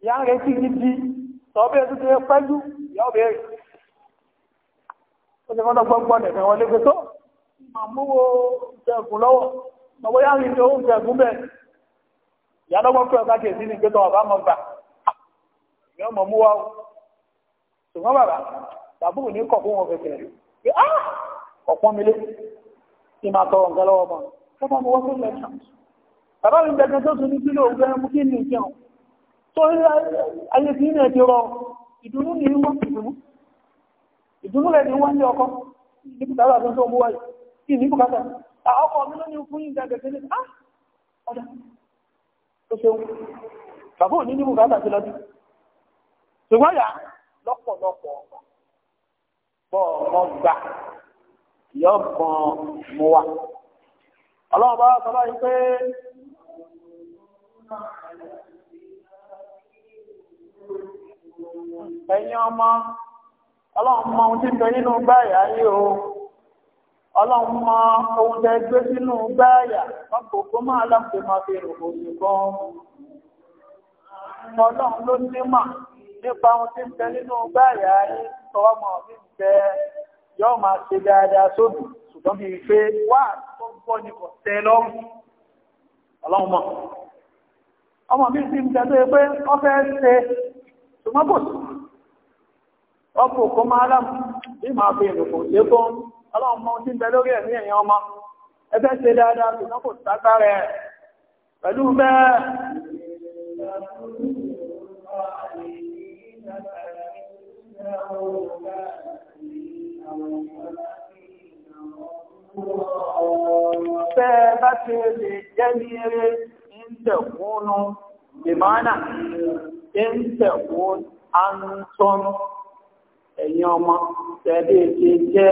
ìyá ń retí gidi tọ́bẹ̀ tó ti pẹ́jú ìyá ò béèrè ó ti fọ́dọ̀ gbọ́gbọ́ nẹ̀fẹ̀ wọn lé pé tó máa múwo ìyálọ́gbọ́n pé ọ̀gá kèsí ní pé tọ́wọ́ mọ̀ gbà yọ mọ̀ mú wa o ṣùgbọ́n bàbá bàbá ò kọ̀ fún wọn fẹsẹ̀ rẹ̀ pé á ọ̀pọ̀ mi lé kí máa tọrọ nǹkan lọ́wọ́ mọ̀ fọ́fọ́ mi wọ́n tó lẹ̀ bàbá mi gbẹ̀gbẹ̀ tó tún ní kílò ògbẹ́ mú kí ní ìjẹun tó rí ayé tí ní ẹ̀dẹ̀ rọ ìdùnnú ní wọ́n ìdùnnú ìdùnnú rẹ̀ ní wọ́n ní ọkọ ní bùkátà tó ń tó mú wáyé kí ní bùkátà ọkọ mi ló ní fún yín gàgẹ̀ ó ṣeun bàbá òní ní bùkátà ti lọ́dún ṣùgbọ́n yà lọ́pọ̀lọpọ̀ bọ́ ọmọ gbà yọ gan mu wa ọlọ́run bá sọ pé ẹ̀yin ọmọ ọlọ́run ohun tí ń bẹ nínú gbáyà yìí o ọlọ́run mọ ohun tẹ gbé sínú gbáyà ọkọ̀ kó máa lọ́pẹ̀ máa fi rò òsì kan ọlọ́run ló ní mà nípa ohun tí ń bẹ nínú gbáyà yìí tọ́mọ mi ń bẹ yóò máa ṣe dáadáa sóbì ṣùgbọ́n bí i pé wà tó gbọ́ ni kò tẹ lọ́rùn ọlọ́run mọ̀ ọmọ mi ti ń bẹ tó yẹ pé wọ́n fẹ́ ṣe ṣùgbọ́n kò sí ọkọ̀ kó máa lọ́pẹ̀ máa fi rò òsì kan ọlọ́run mọ́ tí ń lórí ẹ̀mí ẹ̀yàn ọmọ ẹgbẹ́ ṣe dáadáa kò pẹ̀lú bẹ́ẹ̀ Bẹ́ẹ̀ bá ti lè jẹ́ ní eré ń tẹ̀kúnnú ń tẹ̀kún àǹtọ́nù ẹ̀yìn ọmọ tẹ̀lé ti e jẹ́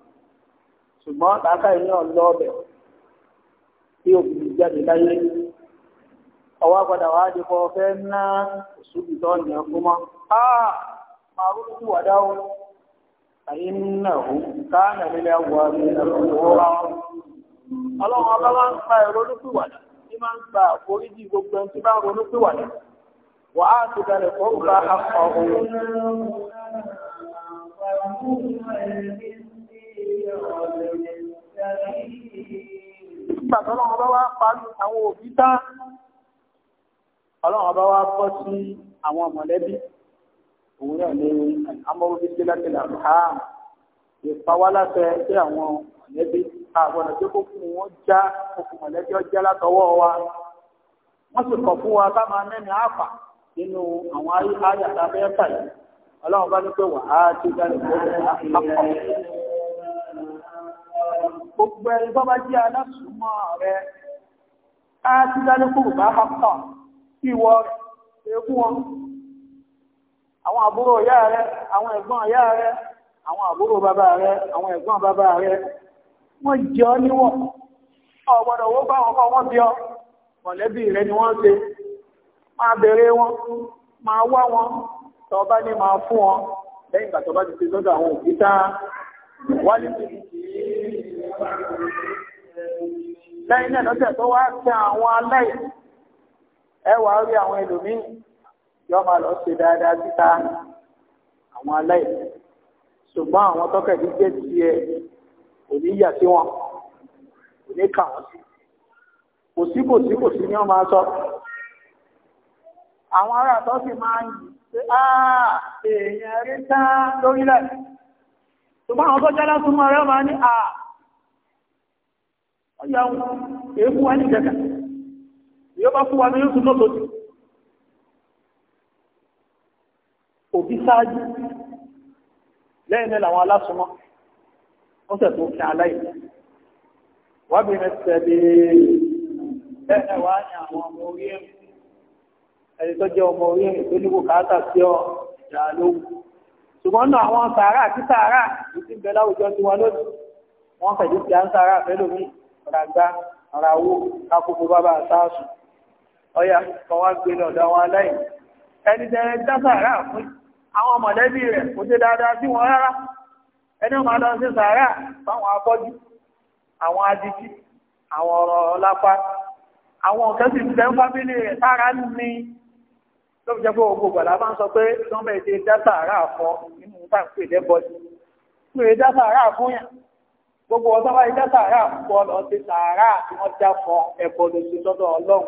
ṣùgbọ́n làákà yìí náà lọ ọbẹ̀ tí jáde láyé ọwọ́ padà wá di kọ́ fẹ́ ná òṣùbí tó ní ẹkún mọ́ áà ah! máa rú sí wàdá o àyín náà ó káàmì nílẹ̀ wà ní ẹ̀rọ ọlọ́run ọba máa ń pa ẹ̀rọ olúpìwàdà tí máa ń gba àforíjì gbogbo ẹni tí bá wà á ti dalẹ̀ fọ́ òkúta akọ̀ ọ̀hún. Nígbà tọ́lọ́ ọba wá parí àwọn òbí tá, ọlọ́run ọba wá bọ́ sí àwọn mọ̀lẹ́bí, òun náà ní àmọ́rúbí sí látìlà àmì ìpawá látẹ sí àwọn mọ̀lẹ́bí, àgbọ̀nà tí kò fún wọn já, òkú mọ̀lẹ́bí ọjá látọwọ́ wa. Wọ́n sì kọ̀ fún wa ká máa mẹ́rin nínú àwọn ayé ayàtà fẹ́ Ọlọ́run bá ní pé wà á ti dá ìgbẹ́ gbogbo ẹni tó bá jẹ́ rẹ̀ á ti dání bá hapọ̀ ìwọ rẹ̀ wọn àwọn àbúrò ìyá rẹ̀ àwọn ẹ̀gbọ́n ìyá rẹ̀ àwọn àbúrò bàbá rẹ̀ àwọn ẹ̀gbọ́n bàbá rẹ̀ wọ́n jẹ́ ọ níwọ̀ ọ̀gbọ́dọ̀ owó bá wọn kọ́ wọ́n bí ọ mọ̀lẹ́bí rẹ̀ ni wọ́n ṣe máa bèèrè wọn máa wá wọn tọba ní máa fún wọn lẹ́yìn ìgbà tọba ti ṣe lọ́dọ̀ àwọn òbí tán wálé lẹ́yìn náà lọ́sẹ̀ tó wá sí àwọn aláì ẹwà orí àwọn ẹlòmíì yọ máa lọ ṣe dáadáa síta àwọn aláì ṣùgbọ́n àwọn tọ́kẹ̀dí jẹ́ ti ẹ kò ní yà sí wọn kò ní kà wọ́n sí kò sí kò sí kò sí ni wọ́n máa sọ àwọn ará tó sì máa ń yìí pé áà èèyàn rí tán lórílẹ̀ ṣùgbọ́n àwọn tó jẹ́ lásùmọ̀ rẹ̀ máa ní àà ọ̀yà wọn èé fún wa ní ìjẹta yóò bá fún wa ní yóò tún lọ́tọ̀ sí òbí sáájú lẹ́yìn náà làwọn alásùnmọ́ wọ́n sẹ̀ tó fi aláìsí wọ́n bí mẹ́sẹ̀lẹ̀ ẹ̀ẹ́ wá ní àwọn ọmọ orí ẹ̀mù ẹni tó jẹ́ ọmọ orí ẹ̀mù ṣùgbọ́n náà àwọn sàárà àti sàárà ìsìn tí wọn lónìí wọ́n fẹ̀dí sí à ń sàárà fẹ́ ràgbá ràwó kakókó bábà sáàsùn ọyà kọwá gbé lọ́dọ̀ àwọn aláìní ẹni tẹ́rẹ dásàárà fún àwọn mọ̀lẹ́bí rẹ̀ kò tẹ́ dáadáa sí wọn rárá ẹni ọmọ lọ sí sàárà fáwọn afọ́jú àwọn adití àwọn ọ̀rọ̀ ọlápá àwọn ọ̀kẹ́ sì tẹ́ ń fábílì rẹ̀ sára ní tó fi jẹ́ pé gbogbo àlá bá ń sọ pé tọ́mọ̀ èdè dásàárà fọ́ nínú táǹpì lẹ́bọ̀dì pé dásàárà fún yàn gbogbo ọ̀sán bá ìjá sàárà pọ̀ lọ sí sàárà tí wọ́n já fọ ẹ̀bọ̀ ló sí lọ́dọ̀ ọlọ́run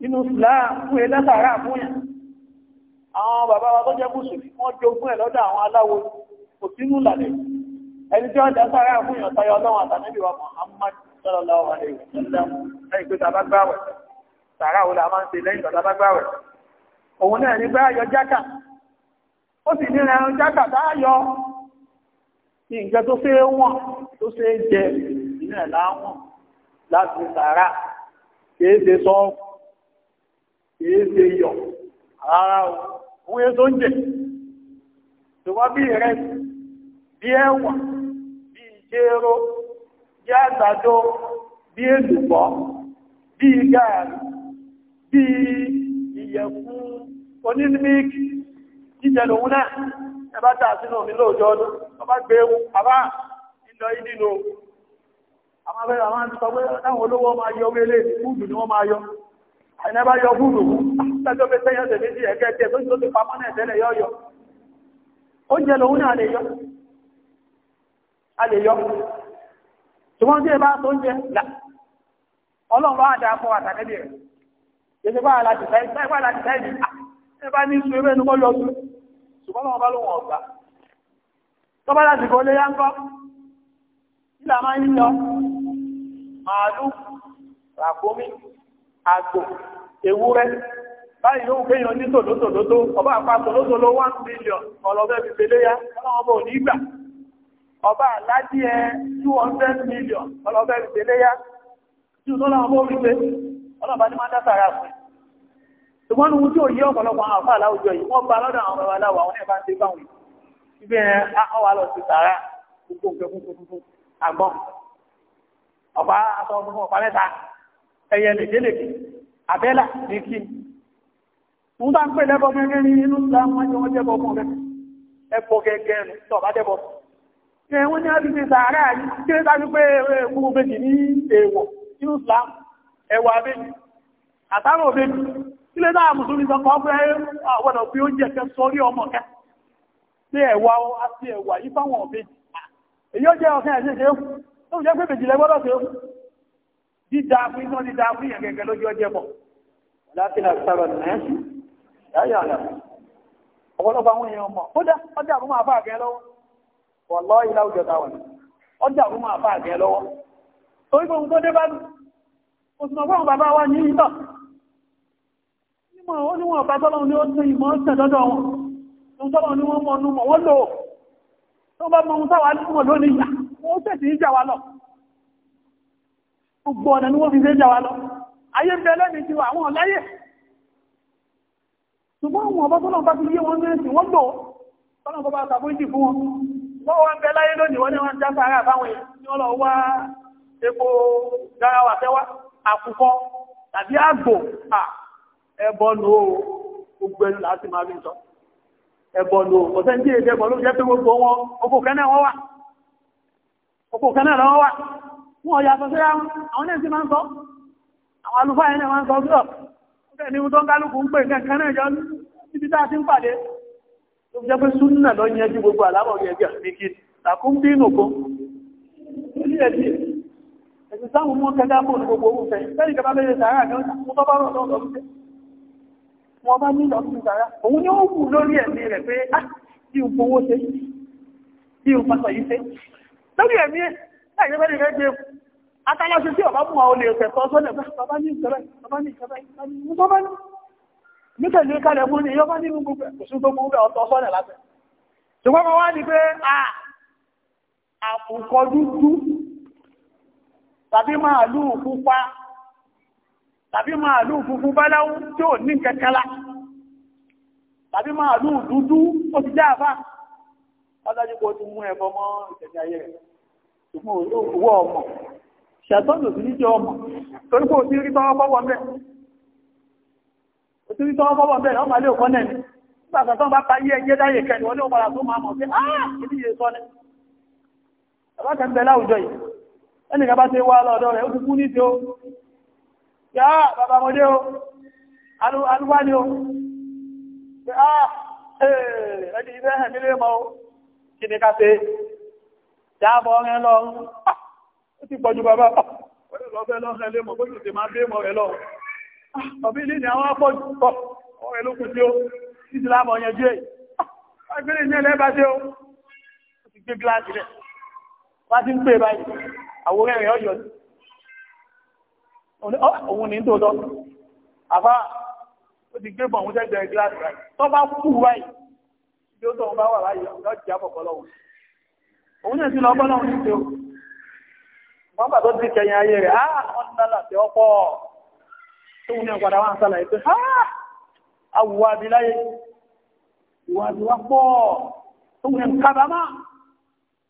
nínú islam fún ẹ̀dá sàárà fún yàn àwọn bàbá wa tó jẹ́ mùsùlùmí wọ́n jogún ẹ̀ lọ́dọ̀ àwọn aláwo kò sínú làlẹ̀ ẹni tí wọ́n já sàárà fún yàn tayọ ọlọ́run àtànẹ́bí wa Muhammad sallallahu alaihi wasallam lẹ́yìn pé tàbá gbáwẹ̀ sàárà wo la máa ń ṣe lẹ́yìn tàbá gbáwẹ̀ òun náà ní bá yọ nǹkan tó fẹ́ wọ̀n tó fẹ́ jẹ ìpínlẹ̀ láwọn láti sàárà kìí ṣe sọ́ọ̀kù kìí ṣe yọ̀ rárá ohun èso ń jẹ ṣùgbọ́n bí rẹ̀ bí ẹ̀wà bí ìjẹ́rọ bí àgbàdo bí èlùbọ́ bí gààrí bí ìyẹ̀fun onílmíkì jíjẹ lòun náà ẹbá tàà sínú omi lóòjọ́ ọdún ọba gbé ewu àbá ìlọ ìdínú àwọn abẹ́rẹ́ àwọn àti sọ pé láwọn olówó máa yọ orí eléyìí búùdù ni wọ́n máa yọ àìní bá yọ búùdù lọ́jọ́ pé sẹ́yìn ọ̀sẹ̀ méjì ẹ̀kẹ́ tiẹ̀ tó ti tó ti pamọ́ náà tẹ́lẹ̀ yọ yọ oúnjẹ lòun náà lè yọ a lè yọ ṣùgbọ́n tí ẹ bá tó ń jẹ là ọlọ́run wá dáa fún àtàkẹ́bì rẹ̀ yẹ ṣùgbọ́n wọn bá lóhun ọ̀gbà tó bá láti kó léyá ń kọ́ nílà máa ń yọ màálù ràkómi àgbò ewúrẹ́ báyìí yóò kéèyàn ní tòlótòlótó ọba àpapọ̀ lótòló 1 billion ọlọ́fẹ́ fi ṣùgbọ́n ohun tí ò yí ọ̀pọ̀lọpọ̀ àwọn àfáà yìí wọ́n bá lọ́dọ̀ àwọn ọmọ aláwọ̀ àwọn ẹ̀bá ń báwọn yìí ibẹ̀ ọwà lọ sí sàárà gbogbo tuntun àgbọ̀n ọ̀pá aṣọ ọ̀pá mẹ́ta ẹyẹ lèkélèké àbẹ́là ní kí bá ń pè lẹ́bọ̀ gẹ́gẹ́ ní inú ilé náà mùsùlùmí sọkọ̀ ọgbẹ́ àwọ̀dọ̀ pé ó jẹ́ kẹ sọrí ọmọ kẹ sí ẹ̀wà àti ẹ̀wà yí fáwọn ọ̀bẹ́ èyí ó jẹ́ ọ̀kẹ́ ẹ̀ṣẹ́ ṣe ó sì mọ̀ fún àwọn bàbá wa ní ìtàn wọ́n ní wọ́n bá tọ́lọ́ ní ó tún ìmọ̀ ń tẹ̀dọ́dọ̀ wọn tó tọ́lọ́ ní wọ́n mọ̀nú mọ̀ wọ́n lò tó bá mọ̀ ohun táwà ní mọ̀ lónìí yà wọ́n tẹ̀sí ìjà wa lọ gbogbo ọ̀nà ni wọ́n fi ìjà wa lọ ayé ń bẹ lẹ́ni ti wà àwọn ọ̀láyè ṣùgbọ́n àwọn ọba tọ́lọ́ bá fi yé wọn mẹ́sì wọ́n lò tọ́lọ́ bá tàbí ìdì fún wọn wọ́n wá ń bẹ láyé lónìí wọ́n ní wọ́n já sára àbáwọn ni wọ́n lọ wá epo garawa tẹ́wá àkùkọ tàbí ẹbọ nù ó gbogbo ẹnu láti máa fi sọ ẹbọ nù ó ọ̀sẹ̀ ń díè ẹbọ ló jẹ́ pé gbogbo wọn oko kẹ́nà wọn wà oko kẹ́nà lọ́wọ́ wà wọn ọ̀yà sọ sí àwọn náà sì máa ń sọ àwọn alùfáà yẹn máa ń sọ sí ọ̀ bẹ́ẹ̀ ni tó ń kálukú ń pè kẹ́kẹ́ náà jọ níbi tá a ti ń pàdé ló jẹ́ pé súnnà lọ yẹn jú gbogbo àlábọ̀ yẹn jẹ́ ní kí takún bí inú kó ní ẹ̀dí ẹ̀sìn sáwọn mọ́ kẹjá bò ní gbogbo orúfẹ́ wọ́n bá nílọ sí ìtara òun ni ó wù lórí ẹ̀mí rẹ̀ pé á tí ń fowó ṣe tí ń pàtàkì yìí ṣe lórí ẹ̀mí ẹ̀ láì e. tí ọba mú wa olè ẹ̀fẹ̀ sọ́lẹ̀ ah, bá ní ìjọba ní ìjọba ní nítẹ̀lé kalẹ̀ fún ni yọba nínú gbogbo ẹ̀kùsùn tó gbogbo ọ̀tọ̀ sọ́lẹ̀ lábẹ́ ṣùgbọ́n wọ́n ní pé ah, tàbí màálù funfun báláwú tí ò ní kẹkẹlá tàbí màálù dúdú ó ti jáàfà ọlọ́jú kò ti mú ẹbọ mọ́ ìtẹ̀lẹ̀ ayé rẹ̀ ṣùgbọ́n owó ọmọ ṣàtọ́nù sí níjọ ọmọ torí kò tí rí tọ́wọ́ fọ́wọ́ bẹ́ẹ̀ kò tí rí tọ́wọ́ fọ́wọ́ bẹ́ẹ̀ ọmọ ilé òkọ́ náà ni nígbà tó tán bá pa ah, kan bá ti wá lọ́dọ̀ rẹ̀ ó ti kú ní ti kí á ah, bàbá mọ́dé o alúwá ni o pé á ẹ̀ẹ́dì ilẹ̀ ẹ̀mí lè mọ́ kí ni ká ṣe dáàbọ̀ ọ̀rẹ́ lọ ah, ó ti pọ̀jù bàbá ọ̀rẹ́ ah, lọ́fẹ́ lè mọ̀ bójú ti máa ni àwọn apọ̀jù pọ̀ ọ̀rẹ́ ló kù sí ó ìsìlámọ̀ yẹn jẹ́ agbẹ́lẹ̀ ní ẹlẹ́bà tí ó ti gbé gíláàsì rẹ̀ òun ní tó lọ àbá ó ti gbé bọ̀ òun sẹ́gbẹ̀ẹ́ gíláàsì rẹ̀ tó bá kú wáyé bí ó tóun bá wà láyé lọ jẹ́ àpọ̀pọ̀ lọ́wọ́ òun náà sí lọ bọ́ lọ́wọ́ ní tó wọ́n bà tó ti kẹyìn ayé rẹ̀ á wọ́n ti lálà sí ọ̀pọ̀ tóun náà padà wá ń sálà yìí pé á awùwà àbí láyé ìwà àbí wá pọ̀ tóun náà kábàámà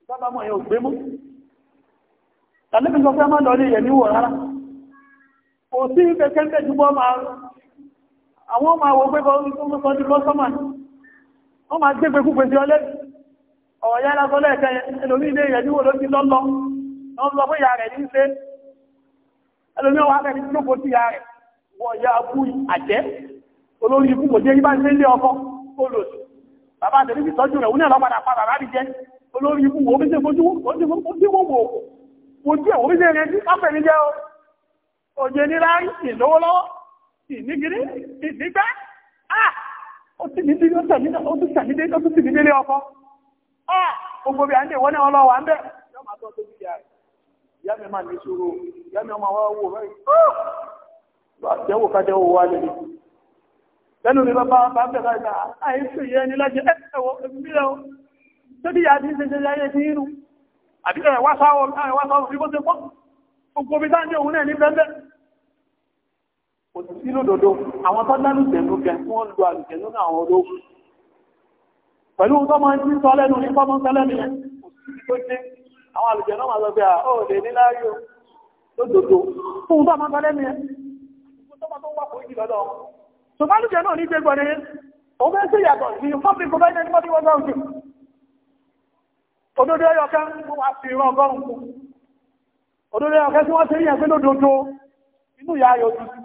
kábàámà yẹn gbé mú tàbí sọ fẹ́ má lọ ní ìyẹn rárá kò sí kẹ́kẹ́ jùgbọ́ máa àwọn ọmọ àwọn pẹ́kọ́ orúkọ ti lọ́sọ́mà wọ́n máa gbẹ́gbẹ́ púpẹ̀ sí ọlẹ́ ọ̀rọ̀ yára sọ́lẹ̀ ẹ̀kẹ́ ẹlòmí ilé rẹ̀ níwò ló ti lọ́lọ́ wọ́n lọ fún ìyá rẹ̀ ní ṣe ẹlòmí ọwọ́ akẹ́ni tí ó kò sí ìyá rẹ̀ wọ́n ya kú àjẹ́ olórí ikú kò jẹ́ ibá ń lé ọkọ olóòsù bàbá àtẹ̀lé ti tọ́jú rẹ̀ wúnẹ̀ lọ́padà padà rárí jẹ́ olórí ikú wò ó bí ṣe fojú wò ó bí ṣe fojú wò ó òye nílá ìlówólọ́wọ́ ìnígiri ìdígbẹ́ ah ó sì ní délé ó tún sàmì délé ó tún ah gbogbo bí i à ń dè wọ́n náà lọ́wọ́ à yọ́ máa tọ́ tó bí ìyá rẹ̀ mi máa ní ìṣòro ìyá mi máa wá wò rẹ̀ jẹ́wò kájẹ́wò wà lè lẹ́nu ni bàbá bá ń bẹ̀rẹ̀ ìgbà o tó kò sí sí lódodo àwọn tó dá lùjẹ̀nú gẹ̀ tí wọ́n lu àlùjẹ̀nú náà àwọn olóògùn pẹ̀lú tó máa ń sọ lẹ́nu ní fọ́mọ́ sọ lẹ́nu yẹn kò sí tó jẹ́ àwọn àlùjẹ̀nú máa sọ pé à ó lè ní láàrí o lódodo fún tó máa sọ lẹ́nu yẹn tó máa tó wà kó jì lọ́dọ̀ ṣùgbọ́n àlùjẹ̀nú ní gbégbọ́ ni òun fẹ́ sí yàtọ̀ sí fọ́pì kò fẹ́ jẹ́ ní fọ́pì wọ́n sọ́ọ̀jù òdodo ẹyọ kan wọ́n fi rán ọgọ́rùn-ún òdodo ẹyọ kan tí wọ́n ṣe yẹn pé lódodo inú ìyá ayọ̀ tuntun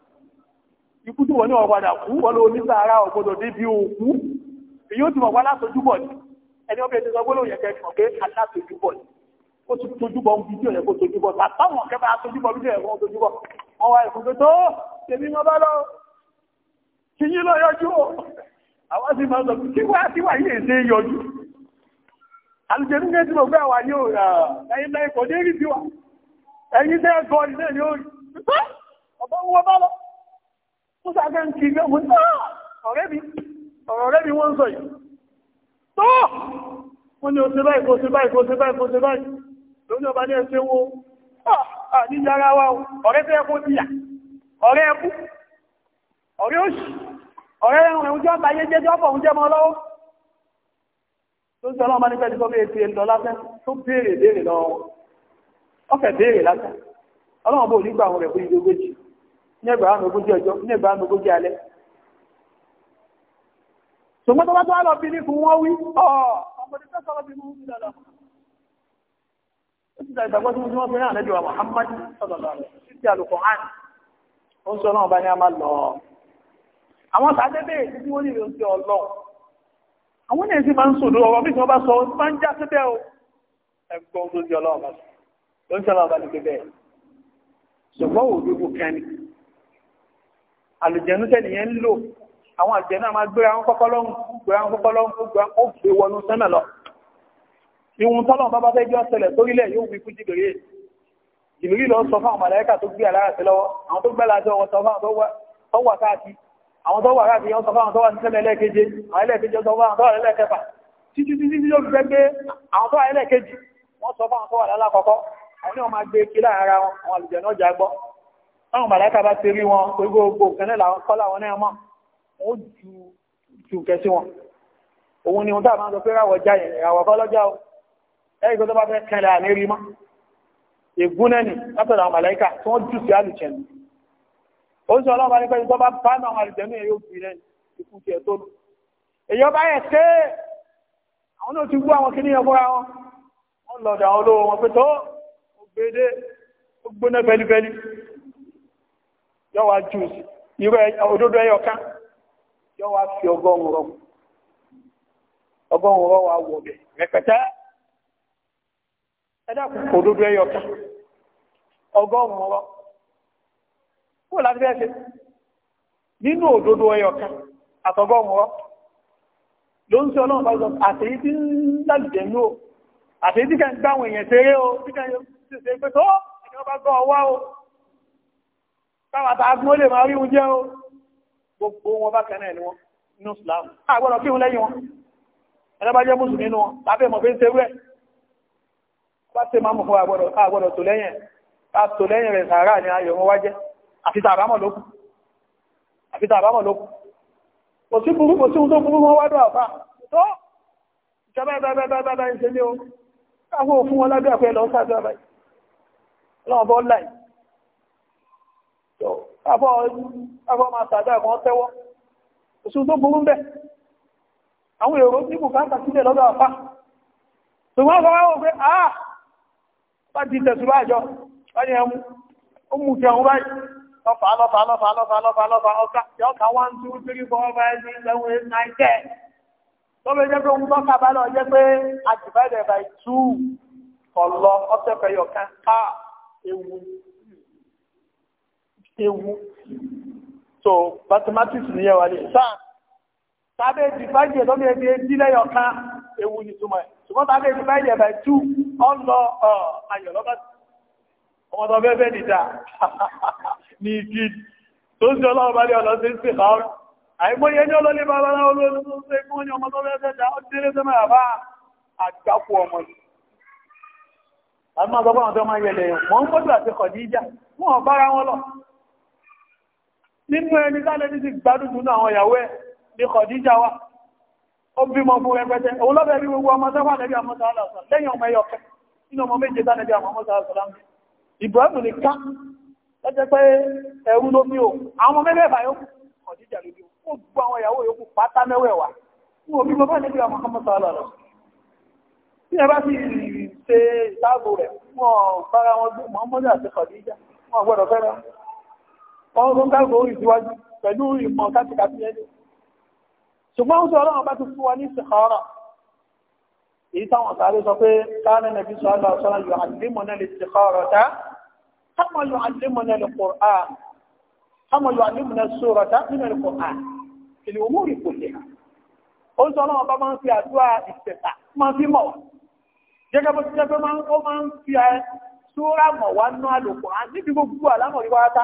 ikú tí wọ́n ní ọ̀padà kú wọ́n ló nígbà ara ọ̀gbọ́dọ̀ débi òkú èyí ó ti mọ̀ wá látọjúbọ̀ ni ẹni ọbẹ̀ ti sọ gbọ́dọ̀ yẹ kẹ́ mọ̀ pé alátọjúbọ̀ ni ó ti tojúbọ̀ ń fídíò yẹ kó tojúbọ̀ tàbáwọn kẹ́ bá tojúbọ̀ fídíò yẹ kó tojúbọ̀ wọ́n wá ìfún tó tó tèmi wọn bá lọ kí yín lọ yọjú o àwọn sì máa sọ kí wá sí wà yìí èsè yọjú alùjẹnu ní ẹtí mo gbé àwa yóò rà ẹyin lẹ́yìn kò dé rí bí wa ẹyin lẹ́yìn kọ́ ilé yóò rí ọba wọn bá lọ ó kí ilé òun ọ̀rẹ́ mi wọ́n sọ yìí tó wọ́n ni ó ṣe báyìí kó ṣe báyìí kó ṣe báyìí kó ṣe báyìí lóní ọba ní ẹsẹ̀ wo ọ̀rẹ́ tẹ́ ti yà ọ̀rẹ́ ẹkú ọ̀rẹ́ ẹ̀hùn ẹ̀hùn jọ́ báyé jẹ́ jọ́ bọ̀hún jẹ́ mọ́ lọ́wọ́ tó ń sọ́lọ́ ọmọ nígbà àwọn ogójì ọjọ́ nígbà àwọn ogójì alẹ́ ṣùgbọ́n tó bá tó lọ bí ní fún wọ́n wí ọ̀ ọmọdé tó sọ́rọ̀ bí mú lọ́lọ́ ó ti dà ìgbàgbọ́ tí wọ́n fi hàn lẹ́jọ́ Muhammad sọ̀rọ̀ títí àlùkò hàn ó ń sọ náà bá ní a máa lọ àwọn sàdébé tí wọ́n nílò ń ti ọlọ́ àwọn èèyàn sì máa ń sòdó ọ̀rọ̀ bí wọ́n bá sọ máa ń já síbẹ̀ o ẹgbọ́n ló ń jọ ọlọ́ọ̀bá ló ń sọ ọlọ́ọ̀bá ní pé bẹ́ẹ̀ ṣùgbọ́n òdodo kan ni àlùjẹ̀nú tẹ́nìyàn ń lò àwọn àlùjẹ̀nú àmà gbéra wọn kọ́kọ́ lọ́hùn gbéra wọn kọ́kọ́ lọ́hùn gbéra wọn ó fi wọnú sẹ́mẹ̀ lọ ìwọ̀n tọ́lọ̀ bá fẹ́ jọ́ ṣẹlẹ̀ sórílẹ̀ yóò wí fún jìbìrì jìbìrì lọ sọ fáwọn màláíkà tó gbé alára sí lọ́wọ́ àwọn tó gbé aláṣọ wọn sọ fáwọn tó wà káàkiri àwọn tó wà káàkiri wọn sọ fáwọn tó wà ní sẹ́mẹ̀ ẹlẹ́ẹ̀keje táwọn màláìka bá ti rí wọn pé gbogbo kẹ́lẹ́ kọ́lá wọn náà mọ̀ wọ́n ju ju kẹ́ sí wọn òun ni wọ́n tàbí sọ pé ráwọ̀ já yẹn ráwọ̀ kọ́ lọ́jà o ẹ̀yìn tó bá fẹ́ kẹ́lẹ̀ àní rí mọ́ ègúnẹ́ni látọ̀dọ̀ àwọn màláìka tí wọ́n jù sí àlùjẹ̀nu ó sọ ọlọ́run alẹ́ pẹ́lú tó bá bá náà àwọn àlùjẹ̀nu yẹn yóò bì rẹ̀ ikú tiẹ̀ tó lù èyí ọba yẹ pé àwọn náà ti gbọ́ àwọn kìnìyàn fúnra wọn wọ́n lọ́dọ̀ àwọn olówó wọn pé tó gbédé ó gbóná fẹ́lifẹ́li yọ wá jùsì irú òdodo ẹyọ yọ fi ọgọ́rùn rọ wa wọ bẹ rẹpẹtẹ ẹdá òdodo ẹyọ kan ọgọ́rùn rọ kó láti fẹ́ nínú òdodo ẹyọ kan àtọgọ́rùn ló ń sọ bá sọ tí ń ní o tí ń èèyàn ṣeré o tí ń ṣe pé tó o káwà tá a gún ó lè máa rí oúnjẹ ó gbogbo wọn bá kẹ́nà ẹ̀lú wọn nínú Islam àgbọ́dọ̀ kí wọn lẹ́yìn wọn ẹlẹ́bàjẹ́ mùsùlùmí nínú wọn tàbí ẹmọ̀ fi ń serú ẹ̀ bá ṣe máa mú fún àgbọ́dọ̀ tó lẹ́yìn ká tó lẹ́yìn rẹ̀ sàárà ní ayọ̀ wọn wájẹ́ àfi tàbámọ̀ lókù kò sí burú kò sí ohun tó burú wọn wádọ̀ àfà tó ìjọba ẹgbẹ́ ẹgbẹ́ ẹgbẹ́ káfọ́ máa àwọn èrò ní bùkátà sílẹ̀ lọ́dọ̀ àpá ṣùgbọ́n kọ́ wọ́n pé àà bá di tẹ̀sù bájọ́ wọ́n ni ẹmú ó mú kí ọ̀hún báyìí lọ́fà lọ́fà lọ́fà lọ́fà lọ́fà lọ́fà ọ̀ká yọ́ka 1 2 3 4 5 6 7 8 9 10 jẹ́ ewu ewu so mathematics ní yẹwà lè sáà tàbí ti fàájì tó bí ẹbí ẹbí lẹ́yọ̀ ká ewu ní túmọ̀ ẹ̀ ṣùgbọ́n tàbí ti fàájì ẹ̀bà tú ọlọ ayọ̀lọ́bà ọmọ tó bẹ́ẹ̀ bẹ́ẹ̀ nìta ní ìdí tó ń ṣe ọlọ́run bá lé ọlọ́ sí ń sè lọ́rùn àìmọye ní olólè bá bára olóòrùn tó ń ṣe fún ọmọ tó bẹ́ẹ̀ bẹ́ẹ̀ dá ó délé sẹ́mọ̀ àbá àgbákò ọmọ yìí àti máa sọ fún àwọn tó máa yẹlẹ̀ wọ́n ń kọ́jú àti kọ̀díjà wọ́n bára wọn lọ nínú ẹni tálẹ́ ní ti gbádùn nínú àwọn ìyàwó ẹ̀ ní Khadija o ó bímọ fún rẹpẹtẹ òun lọ́bẹ̀ rí gbogbo ọmọ tẹ́wà lẹ́bí àmọ́sá aláàsá lẹ́yìn ọmọ ẹyọkẹ́ nínú ọmọ méje tá lẹ́bí àmọ́sá aláàsá Ibrahim ní ká lọ́jẹ́ pé ẹ̀rú ló bí o àwọn ọmọ mẹ́rẹ̀ẹ̀fà yókù Khadija ló bí o gbogbo àwọn ìyàwó yókù pátá mẹ́wẹ̀ẹ̀wà ní òbí bàbá lẹ́bí àmọ́sá aláàsá tí ẹ bá ti ṣe ìtaàbò rẹ̀ wọ́n bára wọn gbé Muhammad ọ̀rọ̀ tó ń kárùkù orí síwájú pẹ̀lú ìmọ̀ kátìkàtì ẹni ṣùgbọ́n ó sọ ọlọ́run bá ti fún wa ní istikhara èyí táwọn sáré sọ pé kana nabi sallallahu alaihi wasallam yu'allimuna al-istikharata kama yu'allimuna al-Qur'an kama yu'allimuna as-surata min al-Qur'an fil umuri kulliha ó sọ ọlọ́run bá máa ń fi àdúrà ìṣẹ̀ta máa fi mọ̀ gẹ́gẹ́ bó ti jẹ́ pé ó máa ń fi eh, súra mọ̀ wá nú àlòkùn níbi gbogbo àlámọ̀ ìwárátá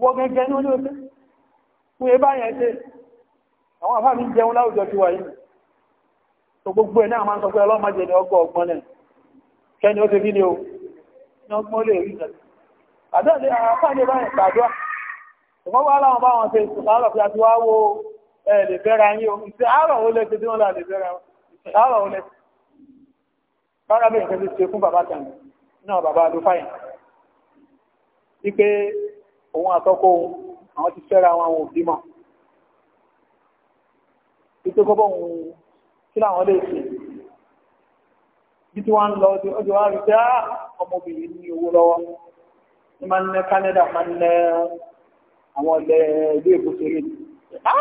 wọ gẹ́gẹ́ ní olóòtẹ́ fún ẹbá yẹn ṣe àwọn àfáà mi jẹun láwùjọ ti wà yìí tó gbogbo ẹ̀ náà máa ń sọ pé ọlọ́mọdé ni ọgbọ̀ ọgbọ́n lẹ̀ kẹ́ni ó ti rí ni o ní ọgbọ́n lè rí ìjọba àdáàdé àfáà lè báyìí pàdúà ṣùgbọ́n wá láwọn báwọn ṣe ìsìnkárọ̀ fi àti wá wo ẹ̀ lè fẹ́ra yín o ìṣẹ́ àárọ̀ ó lẹ́sẹ̀ tí wọ́n là lè fẹ́ra ìṣẹ́ àárọ̀ ó lẹ́sẹ̀ bára bẹ́ẹ̀ ṣe fún bàbá tàn náà bàbá adúfáyà wípé òun àtọ́kọ́ òun àwọn ti fẹ́ra àwọn àwọn òbí títí kọ́bọ̀ òun kí làwọn lè ṣe bí tí wọ́n ń lọ sí ọjọ́ wá ah, ọmọbìnrin ní owó lọ́wọ́ ní ma ń ná Canada máa ń àwọn ọ̀lẹ́ ah, ilé ìbùsùn rẹ̀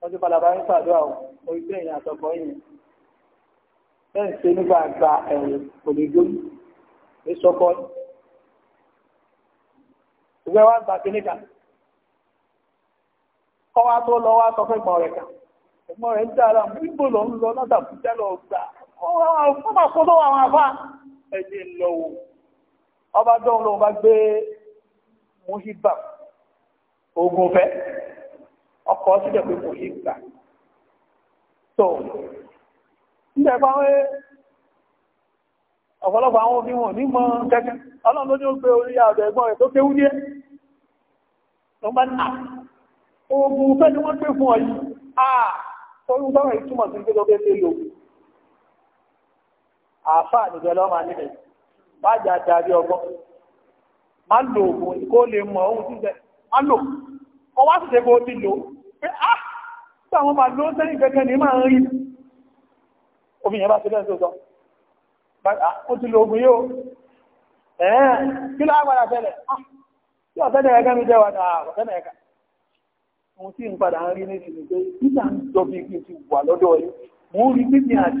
wọ́n ti padà bá ń pàdé àwọn orí pé ìyìn àtọ̀kọ́ yìí bẹ́ẹ̀ ṣe nígbà gba ẹ̀rù kò lè dórí ní sọ́kọ́ ìgbẹ́ wa gbà kí níkà kọ́ wa tó lọ wá sọ fún ìgbọ̀n rẹ̀ kà ìgbọ̀n rẹ̀ ń dára níbo lọ ń lọ lọ́dà bùjá lọ gbà ó máa kó lọ́wọ́ àwọn afá ẹ̀jẹ̀ lọ́wọ́ ọba dọ́run ló bá gbé mú hibà ogun fẹ́ ọkọ̀ síbẹ̀ pé kò yí gbà tó nígbà ìfà wé ọ̀pọ̀lọpọ̀ àwọn òbí wọn ní mọ́ kẹ́kẹ́ ọlọ́run ló gbé orí ààbẹ̀ ẹ̀gbọ́n rẹ̀ tó kéwú ní ẹ́ bá ní ogun fẹ́ ni wọ́n pè fún ọyí àà torí bọ́rọ̀ ìtumọ̀ sí pé lọ́gbẹ́ lè lò àfáà nìjẹ́ lọ́mà nílẹ̀ bá jà dàbí ọgbọ́n má lò kó lè mọ̀ ohun tí wọ́n wá síse bó ti lò pé á tí àwọn máa ló sẹ́yìn kẹ́kẹ́ ní máa ń rí obìnrin bá ti lẹ́ sọ́tọ́ ó ti lo ogun yóò ẹ̀ẹ́ kí ló agbára tẹ́lẹ̀ tí ah, ọ̀tẹ́lẹ̀ ẹ̀kẹ́ mi jẹ́wà náà ah, ọ̀tẹ́lẹ̀ ẹ̀kẹ́ ohun tí ń padà ń rí ní ìsinmi pé títà ń jọ bí ibi ti wà lọ́dọ̀ yìí mo ń rí níbi àti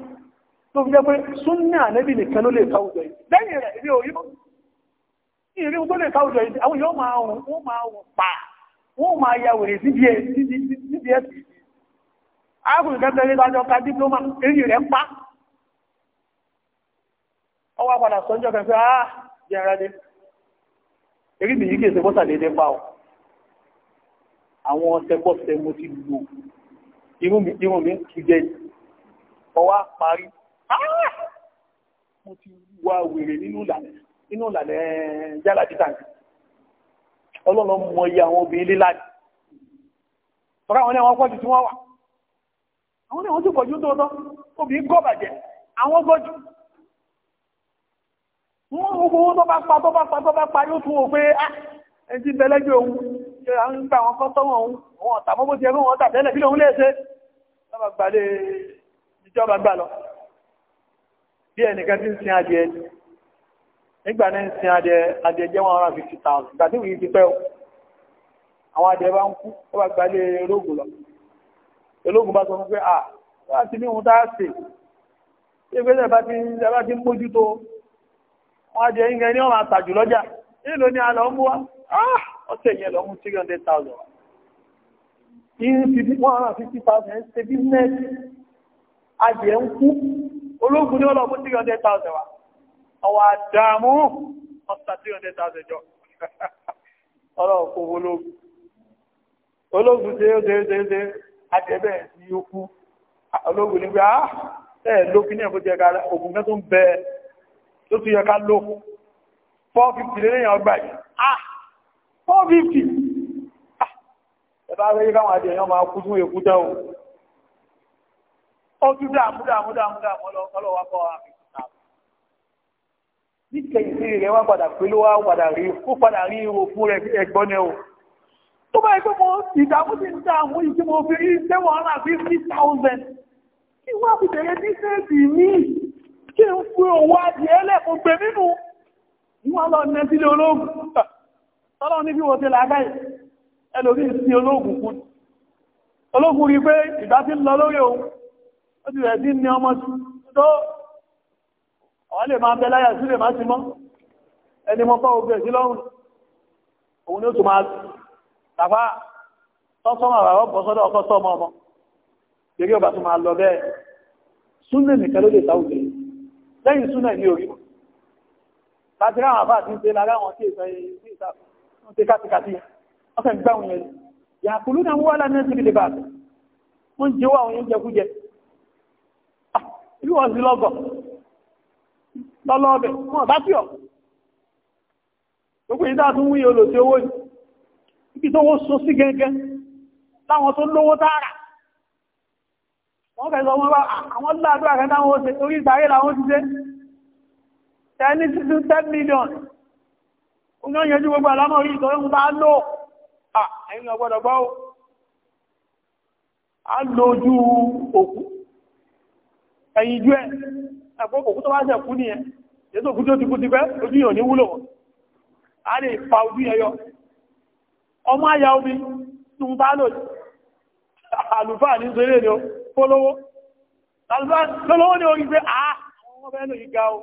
tó fi jẹ́ pé súnmí ànẹ́bì nìkan ló lè káwùjọ yìí lẹ́yìn rẹ̀ ìrí òyí ìrí tó lè káwùjọ yìí àwọn yóò máa rùn ó máa rùn pa wọ́n máa ya wèrè síbi ẹ̀ ákùnrin kẹfẹ́ lé bájọ́ ka dípọ́mà èyí rẹ̀ ń pa ọwọ́ padà sọ́jọ́ kẹfẹ́ àá ah, jẹ́rẹ́dẹ́ èrí mi yìí kìí ṣe bọ́sà dédé pa ọ àwọn ọ̀sẹ̀gbọ́sẹ̀ mo ti lò irun mi ń tu jẹ́ ọwọ́ parí Ah! mo ti wá wèrè nínú ìlànà jálà eh, títà nǹkan ọlọ́lọ́ mọ iye àwọn obìnrin lílá ní ọ̀rá àwọn ẹwọ́n pọ̀jù tí wọ́n wà àwọn ẹwọ́n tí pọ̀jù tóótọ́ obìnrin gọ́bàjẹ́ àwọn gọ́jù wọ́n gbogbo owó tó bá pa tó bá pa tó bá pa yóò tún wò pé á ah, ẹjí bẹlẹ́gbẹ̀ òun ṣe à ń gba àwọn kọ́tọ́wọ̀n òun wọn tàbọ́bọ́ ti ẹgbẹ́ wọn tàbẹ́lẹ̀ bí lóun lè ṣe lọ́ba gbàlẹ̀ ìjọba gbà lọ bí ẹnìkan tí ń sin adìẹ nígbà ní ń sin adìẹ adìẹ jẹ́ 150,000 ìgbà tí wìí ti pẹ́ o àwọn adìẹ bá ń kú ó bá gbalé ológun lọ ológun bá sọ fún pé à wọ́n ti ní ohun tá a sè é gbẹ́sẹ̀ bá ti bá ti ń mójútó wọ́n adìẹ yín ni wọ́n máa tà jù lọ́jà nílò ni a lọ mú wa ah! ọ̀sẹ̀ yẹn lọ mú 300,000 ìyẹn ti bí 150,000 ṣe bí mẹ́ẹ̀ẹ́ adìẹ ń kú ológun ní ọlọ́pù 300,000 wà ọwà dàmú ọ̀sà 300,000 jọ ọlọ́pù ológun ológun tí ó déédéé àjẹ́bẹ̀ ní okú ológun ní pé ah ẹ̀ lókí ní ẹ̀kọ́ jẹ́ ká ogun mẹ́ tó ń bẹ tó tún yẹ ká ló 450 lẹ́yìn ọgbà yìí ah 450 ẹ̀bá rẹ̀ yí káwọn àjẹ́yàn máa kú fún èkútẹ́ ọdún dààmú dààmú dààmú dààmú ọlọ́wà bọ́ wa fi kùtà. níkẹyìn sí rẹ̀ wá padà pé ló wá padà rí kó padà rí ihò fún rẹ̀ ẹgbọ́n ni o. tó bá yẹ pé mo ìdààmú sí dààmú yìí tí mo fi rí seven hundred and fifty thousand kí wọ́n fi bẹ̀rẹ̀ bísẹ́ẹ̀sì mi kí n fi owó adìẹ lẹ́kùn gbẹ nínú. wọ́n lọ nẹ sílé ológun tọ́lọ́ ní bí wọ́n ti làákàyè ẹlòmíì sí ológun kú ológun rí pé ìgbà tí ń lọ lórí òun ó ti rẹ̀ sí ní ọmọ tó ọ̀wọ́ lè máa bẹ láyà sí lè máa ti mọ́ ẹni mọ́ fọ́ ogun ẹ̀sí lọ́rùn òun ni ó tún máa tàbá tọ́sọ́mọ̀ àwọ̀ bọ́sọ́dọ̀ ọkọ́ sọ́mọ ọmọ gẹ́gẹ́ ọba tún máa lọ bẹ́ẹ̀ súnlẹ̀ nìkan ló lè sáwùjẹ́ lẹ́yìn súnlẹ̀ ní orí láti ráwọn àbá ìlú wọn sí lọ́gọ̀ lọ́lọ́ọ̀bẹ̀ wọn bá tí ọ̀ gbogbo ìdá tún wí olò tí owó ibi tó wó so sí gẹ́gẹ́ láwọn tó lówó tààrà wọ́n kẹsọ wọn bá àwọn láàdúrà kẹta wọn ṣe orí ìtàrí làwọn ti ṣe 10 million oní ọ̀yẹ́jú gbogbo àlámọ̀ orí ìtọ́ ń bá lò àìyàn ọgbọ́dọ̀ gbọ́ ó á lójú òkú ẹ̀yìn ijú ẹ̀ ẹ̀kọ́ òkú tó bá jẹ́ kú nìyẹn yẹ́sọ òkú tó ti kú ti pẹ́ ojú yàn ní wúlò wọn a lè fa ojú yẹyọ ọmọ àyà omi tí wọ́n bá lò àlùfáà ní sọ ilé ni ó fólówó lọ́lọ́wọ́ ní orí pé àà àwọn ọmọ lò yí ga o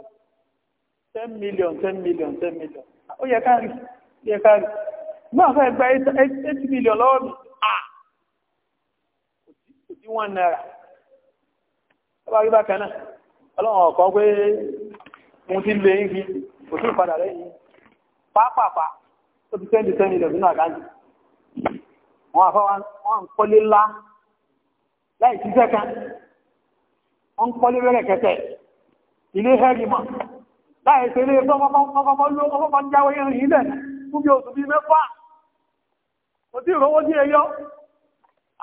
10 million 10 million 10 million ó yẹ káàrí yẹ káàrí máa fẹ́ gba 8 million lọ́wọ́ mi àà òdí ọba rí bákan náà ọlọ́run ọ̀kọ́ pé mo ti lè ń fi kò sí ìpadà rẹ̀ yìí pápápá ó ti tẹ́ǹdì tẹ́ǹdì lẹ̀ sínú àkáǹtì wọn àfáwà wọn ń kọ́lé ńlá láì ṣiṣẹ́ kan wọn ń kọ́lé rẹ̀ kẹtẹ̀ ilé hẹ́rì mọ́ láì ṣe ilé tó ọmọ jáwé yẹn ilẹ̀ fún bí oṣù bíi mẹ́fà kò sí ìrówó sí ẹyọ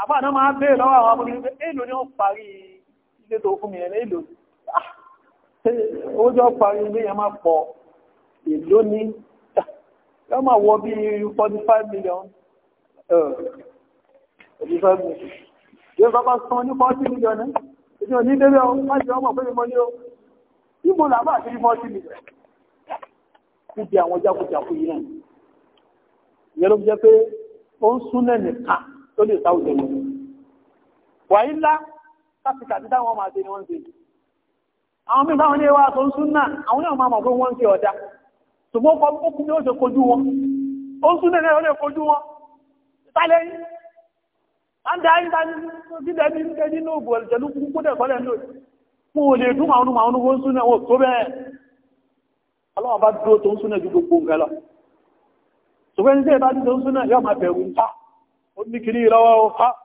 àbáàdán máa bèèrè lọ́wọ́ àwọn abúlé pé èèlò ni ó parí ilé tó fún mi ẹ̀ nílò owó ah, jọ parí ilé yẹn máa pọ̀ èlò ní yọ máa wọ bí 45 million yóò bá bá san ní 40 million ní ìjọ ní débẹ̀ ọ láti ọmọ pé mo ní o ìbò làbá àti 40 million níbi àwọn jákujàku yìí náà ìyẹn ló jẹ́ pé ó ń súnlẹ̀ nìkan tó lè sáwùjẹ́ wọn wàyí ńlá káfíkà tí táwọn máa ṣe ni wọ́n ṣe àwọn mí báwọn ní ẹwà tó ń súnà àwọn náà máa mọ̀ pé wọ́n ṣe ọ̀dá ṣùgbọ́n kọ́ ó kú ní ó ṣe kojú wọn ó ń súnà náà ó lè kojú wọn sálẹ̀ yìí wọ́n dá yìí sáré dídẹ́ ní ṣe nínú ògbò ìjẹ̀lú kúkú dẹ̀ kọ́lẹ̀ ní òjì fún olè dún àwọn ọmọ àwọn ohun súnà wọn tó bẹ́ẹ̀ ọlọ́wọ́n bá dúró tó ń súnà ju gbogbo nǹkan lọ ṣùgbọ́n ní sẹ́yìn bá dúró tó ń súnà yóò máa bẹ̀rù ń ta ó ní kiri lọ́wọ́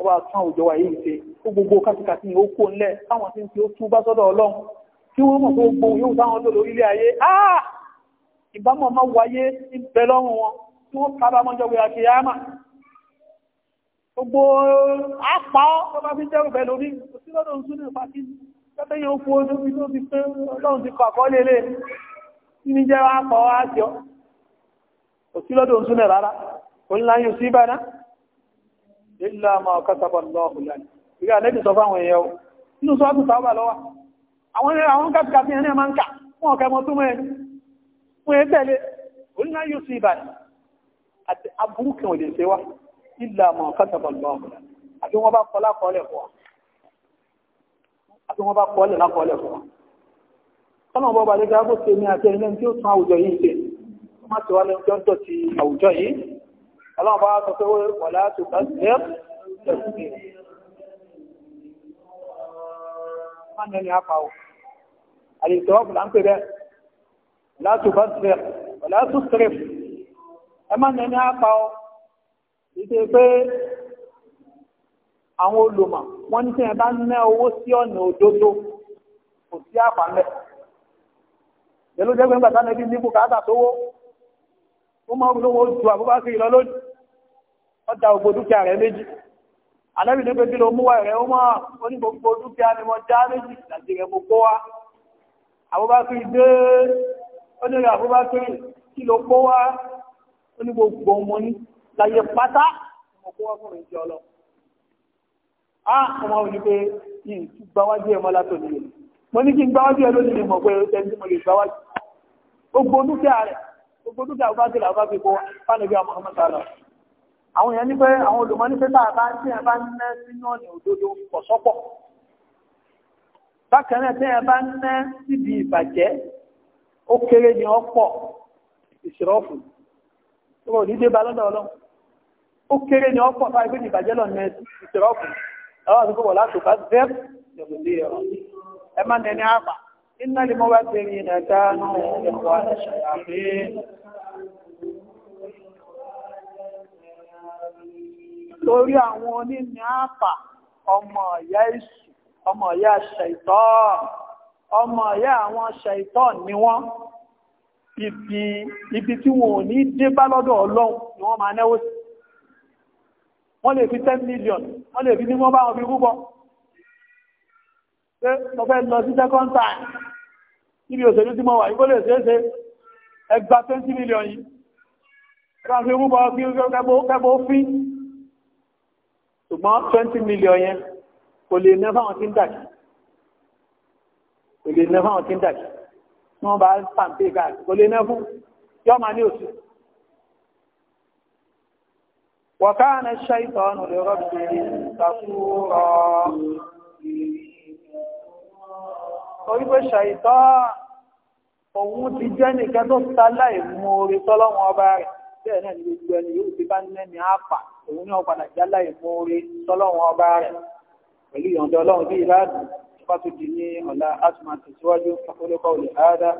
ọba tún àwùjọ wa yìí ṣe ó gbogbo kátìkàtì ó kó ńlẹ̀ táwọn tí ń fi ó tún bá sọ́dọ̀ ọlọ́run kí wọ́n mọ̀ tó gbogbo yóò táwọn lò lórí ilé ayé áà ah! ìbámọ̀ máa wáyé ìbẹ̀ lọ́rùn wọn tí wọ́n kábà mọ́ jọ wíra kìí àmà gbogbo apá tó bá fi jẹ́rù bẹ̀ lórí sí lọ́dọ̀ ń súnú ìpàtí tẹ́tẹ́ yóò fún ojú bí ló fi pé ọlọ́run ti kọ àkọọ́lẹ̀ ilé ní jẹ́ apá ọ́ àjọ kò ilá ma kásàbà lọ́ọ̀kù lẹ́nu ìgbà lẹ́bí sọ fáwọn èèyàn o nínú sọ́ọ̀tù sábà lọ́wà àwọn ẹ̀rẹ́ àwọn kàtìkàtì ẹ̀rẹ́ máa ń kà wọ́n ọ̀kẹ́ mọ́ túnmọ́ ẹni wọ́n ẹ̀ tẹ̀lé oníná yóò sí ibà àti aburú kí wọ́n lè ṣe wá ilá ma kásàbà lọ́ọ̀kù lẹ́nu àti wọ́n bá kọ́ lákọọ́lẹ̀ fún wa àti wọ́n bá kọ́ọ́lẹ̀ lákọọ́lẹ̀ fún wa kọ́nà bọ́ba lè gbá bó ṣe ní àti ẹni tí ó tún àwùjọ yìí ṣe wọ́n má wá lẹ́nu tí ó ń àwùjọ yìí ọlọ́run bá sọ pé wọ́n láti bá sílẹ̀ mọ́nà ni a pa o àlèsè ọ́pù là ń pè bẹ́ẹ̀ láti bá sílẹ̀ wọ́n láti sílẹ̀ ẹ mọ́nà o ìdè pé àwọn olùmọ̀ wọ́n ní tí ẹ bá ná owó sí ọ̀nà òdodo kò sí àpá mẹ́ pẹ̀lú jẹ́gbẹ́ ń gbàtánẹ́bí ní bùkátà tówó ó mọ́ olówó ju àbúbákì lọ lónìí ọjà ògbò dúkìá rẹ̀ méjì alẹ́bì ní pé kí ló múwà rẹ̀ ni wọ́n já méjì láti rẹ̀ mo kó wá àbúbákì dé onírẹ̀ àbúbákì kí ló kó wá ọmọ láyé pátá mo kó wá fún mi ọmọ òní pé kí n gbáwájú ẹ̀ mọ́ ní kí gbáwájú ẹ̀ lónìí mọ̀ pé ẹni tí lè gbáwájú gbogbo dúkìá rẹ̀ gbogbo dúkìá bá ti làbá fi kó fánàbí àwọn ọmọ sálọ àwọn èèyàn nípẹ́ àwọn olùmọ́ nípẹ́ tá a bá ń tí a bá ń ná sínú ọ̀nà òdodo pọ̀ sọ́pọ̀ bákan náà tí a bá ń ná síbi ìbàjẹ́ ó kéré ni ó pọ̀ ìṣòrọ́fù tó wọ́n dídé ba lọ́dọ̀ ọlọ́run ó kéré ni ó pọ̀ fáwọn ìgbé ìbàjẹ́ lọ ní ìṣòrọ́fù ẹ̀rọ àti gbogbo láti bá إن المبذرين كانوا إخوان الشياطين torí àwọn oníni àpà ọmọ ọ̀yá ìsù ọmọ ọ̀yá ṣẹ̀tọ́ ọmọ ọ̀yá àwọn ṣẹ̀tọ́ ni wọ́n ibi tí wọn ò ní dé bá lọ́dọ̀ ọlọ́run ni wọ́n máa náwó sí wọ́n lè fi 10 million wọ́n lè fi ní wọ́n bá wọn fi rúbọ pé mo fẹ́ lọ sí second time níbi òṣèlú tí mo wà yìí lè ṣeéṣe ẹgbà 20 million yìí ẹgbà fi mú bọ́ kí kẹgbó fí ṣùgbọ́n 20 million yẹn kò lè nẹ́ fáwọn tí ń dàkì kò lè nẹ́ fáwọn tí ń dàkì wọ́n bá pàǹpé káàkiri kò lè nẹ́ yọ́ ma ní òsì wọ̀káàna ṣe ìtọ́nù lè rọ́bì torí pé ṣàìtọ́ òun ti jẹ́ nìkan tó sáláì mú orí tọ́lọ́wọ́n ọba rẹ̀ bẹ́ẹ̀ náà ni gbogbo ẹni yóò ti bá nẹ́ni àpà òun ní ọ̀padà jáláì mú orí tọ́lọ́wọ́n ọba rẹ̀ pẹ̀lú ìyọ̀ǹda ọlọ́run bí ìlàdù fatu ní ọ̀la asma tẹ̀síwájú akọ́lẹ́kọ́ olè àádá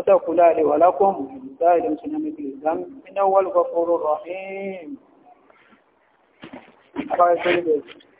أتقوا لا لي ولكم من سائر سنمك الذنب إنه هو الغفور الرحيم.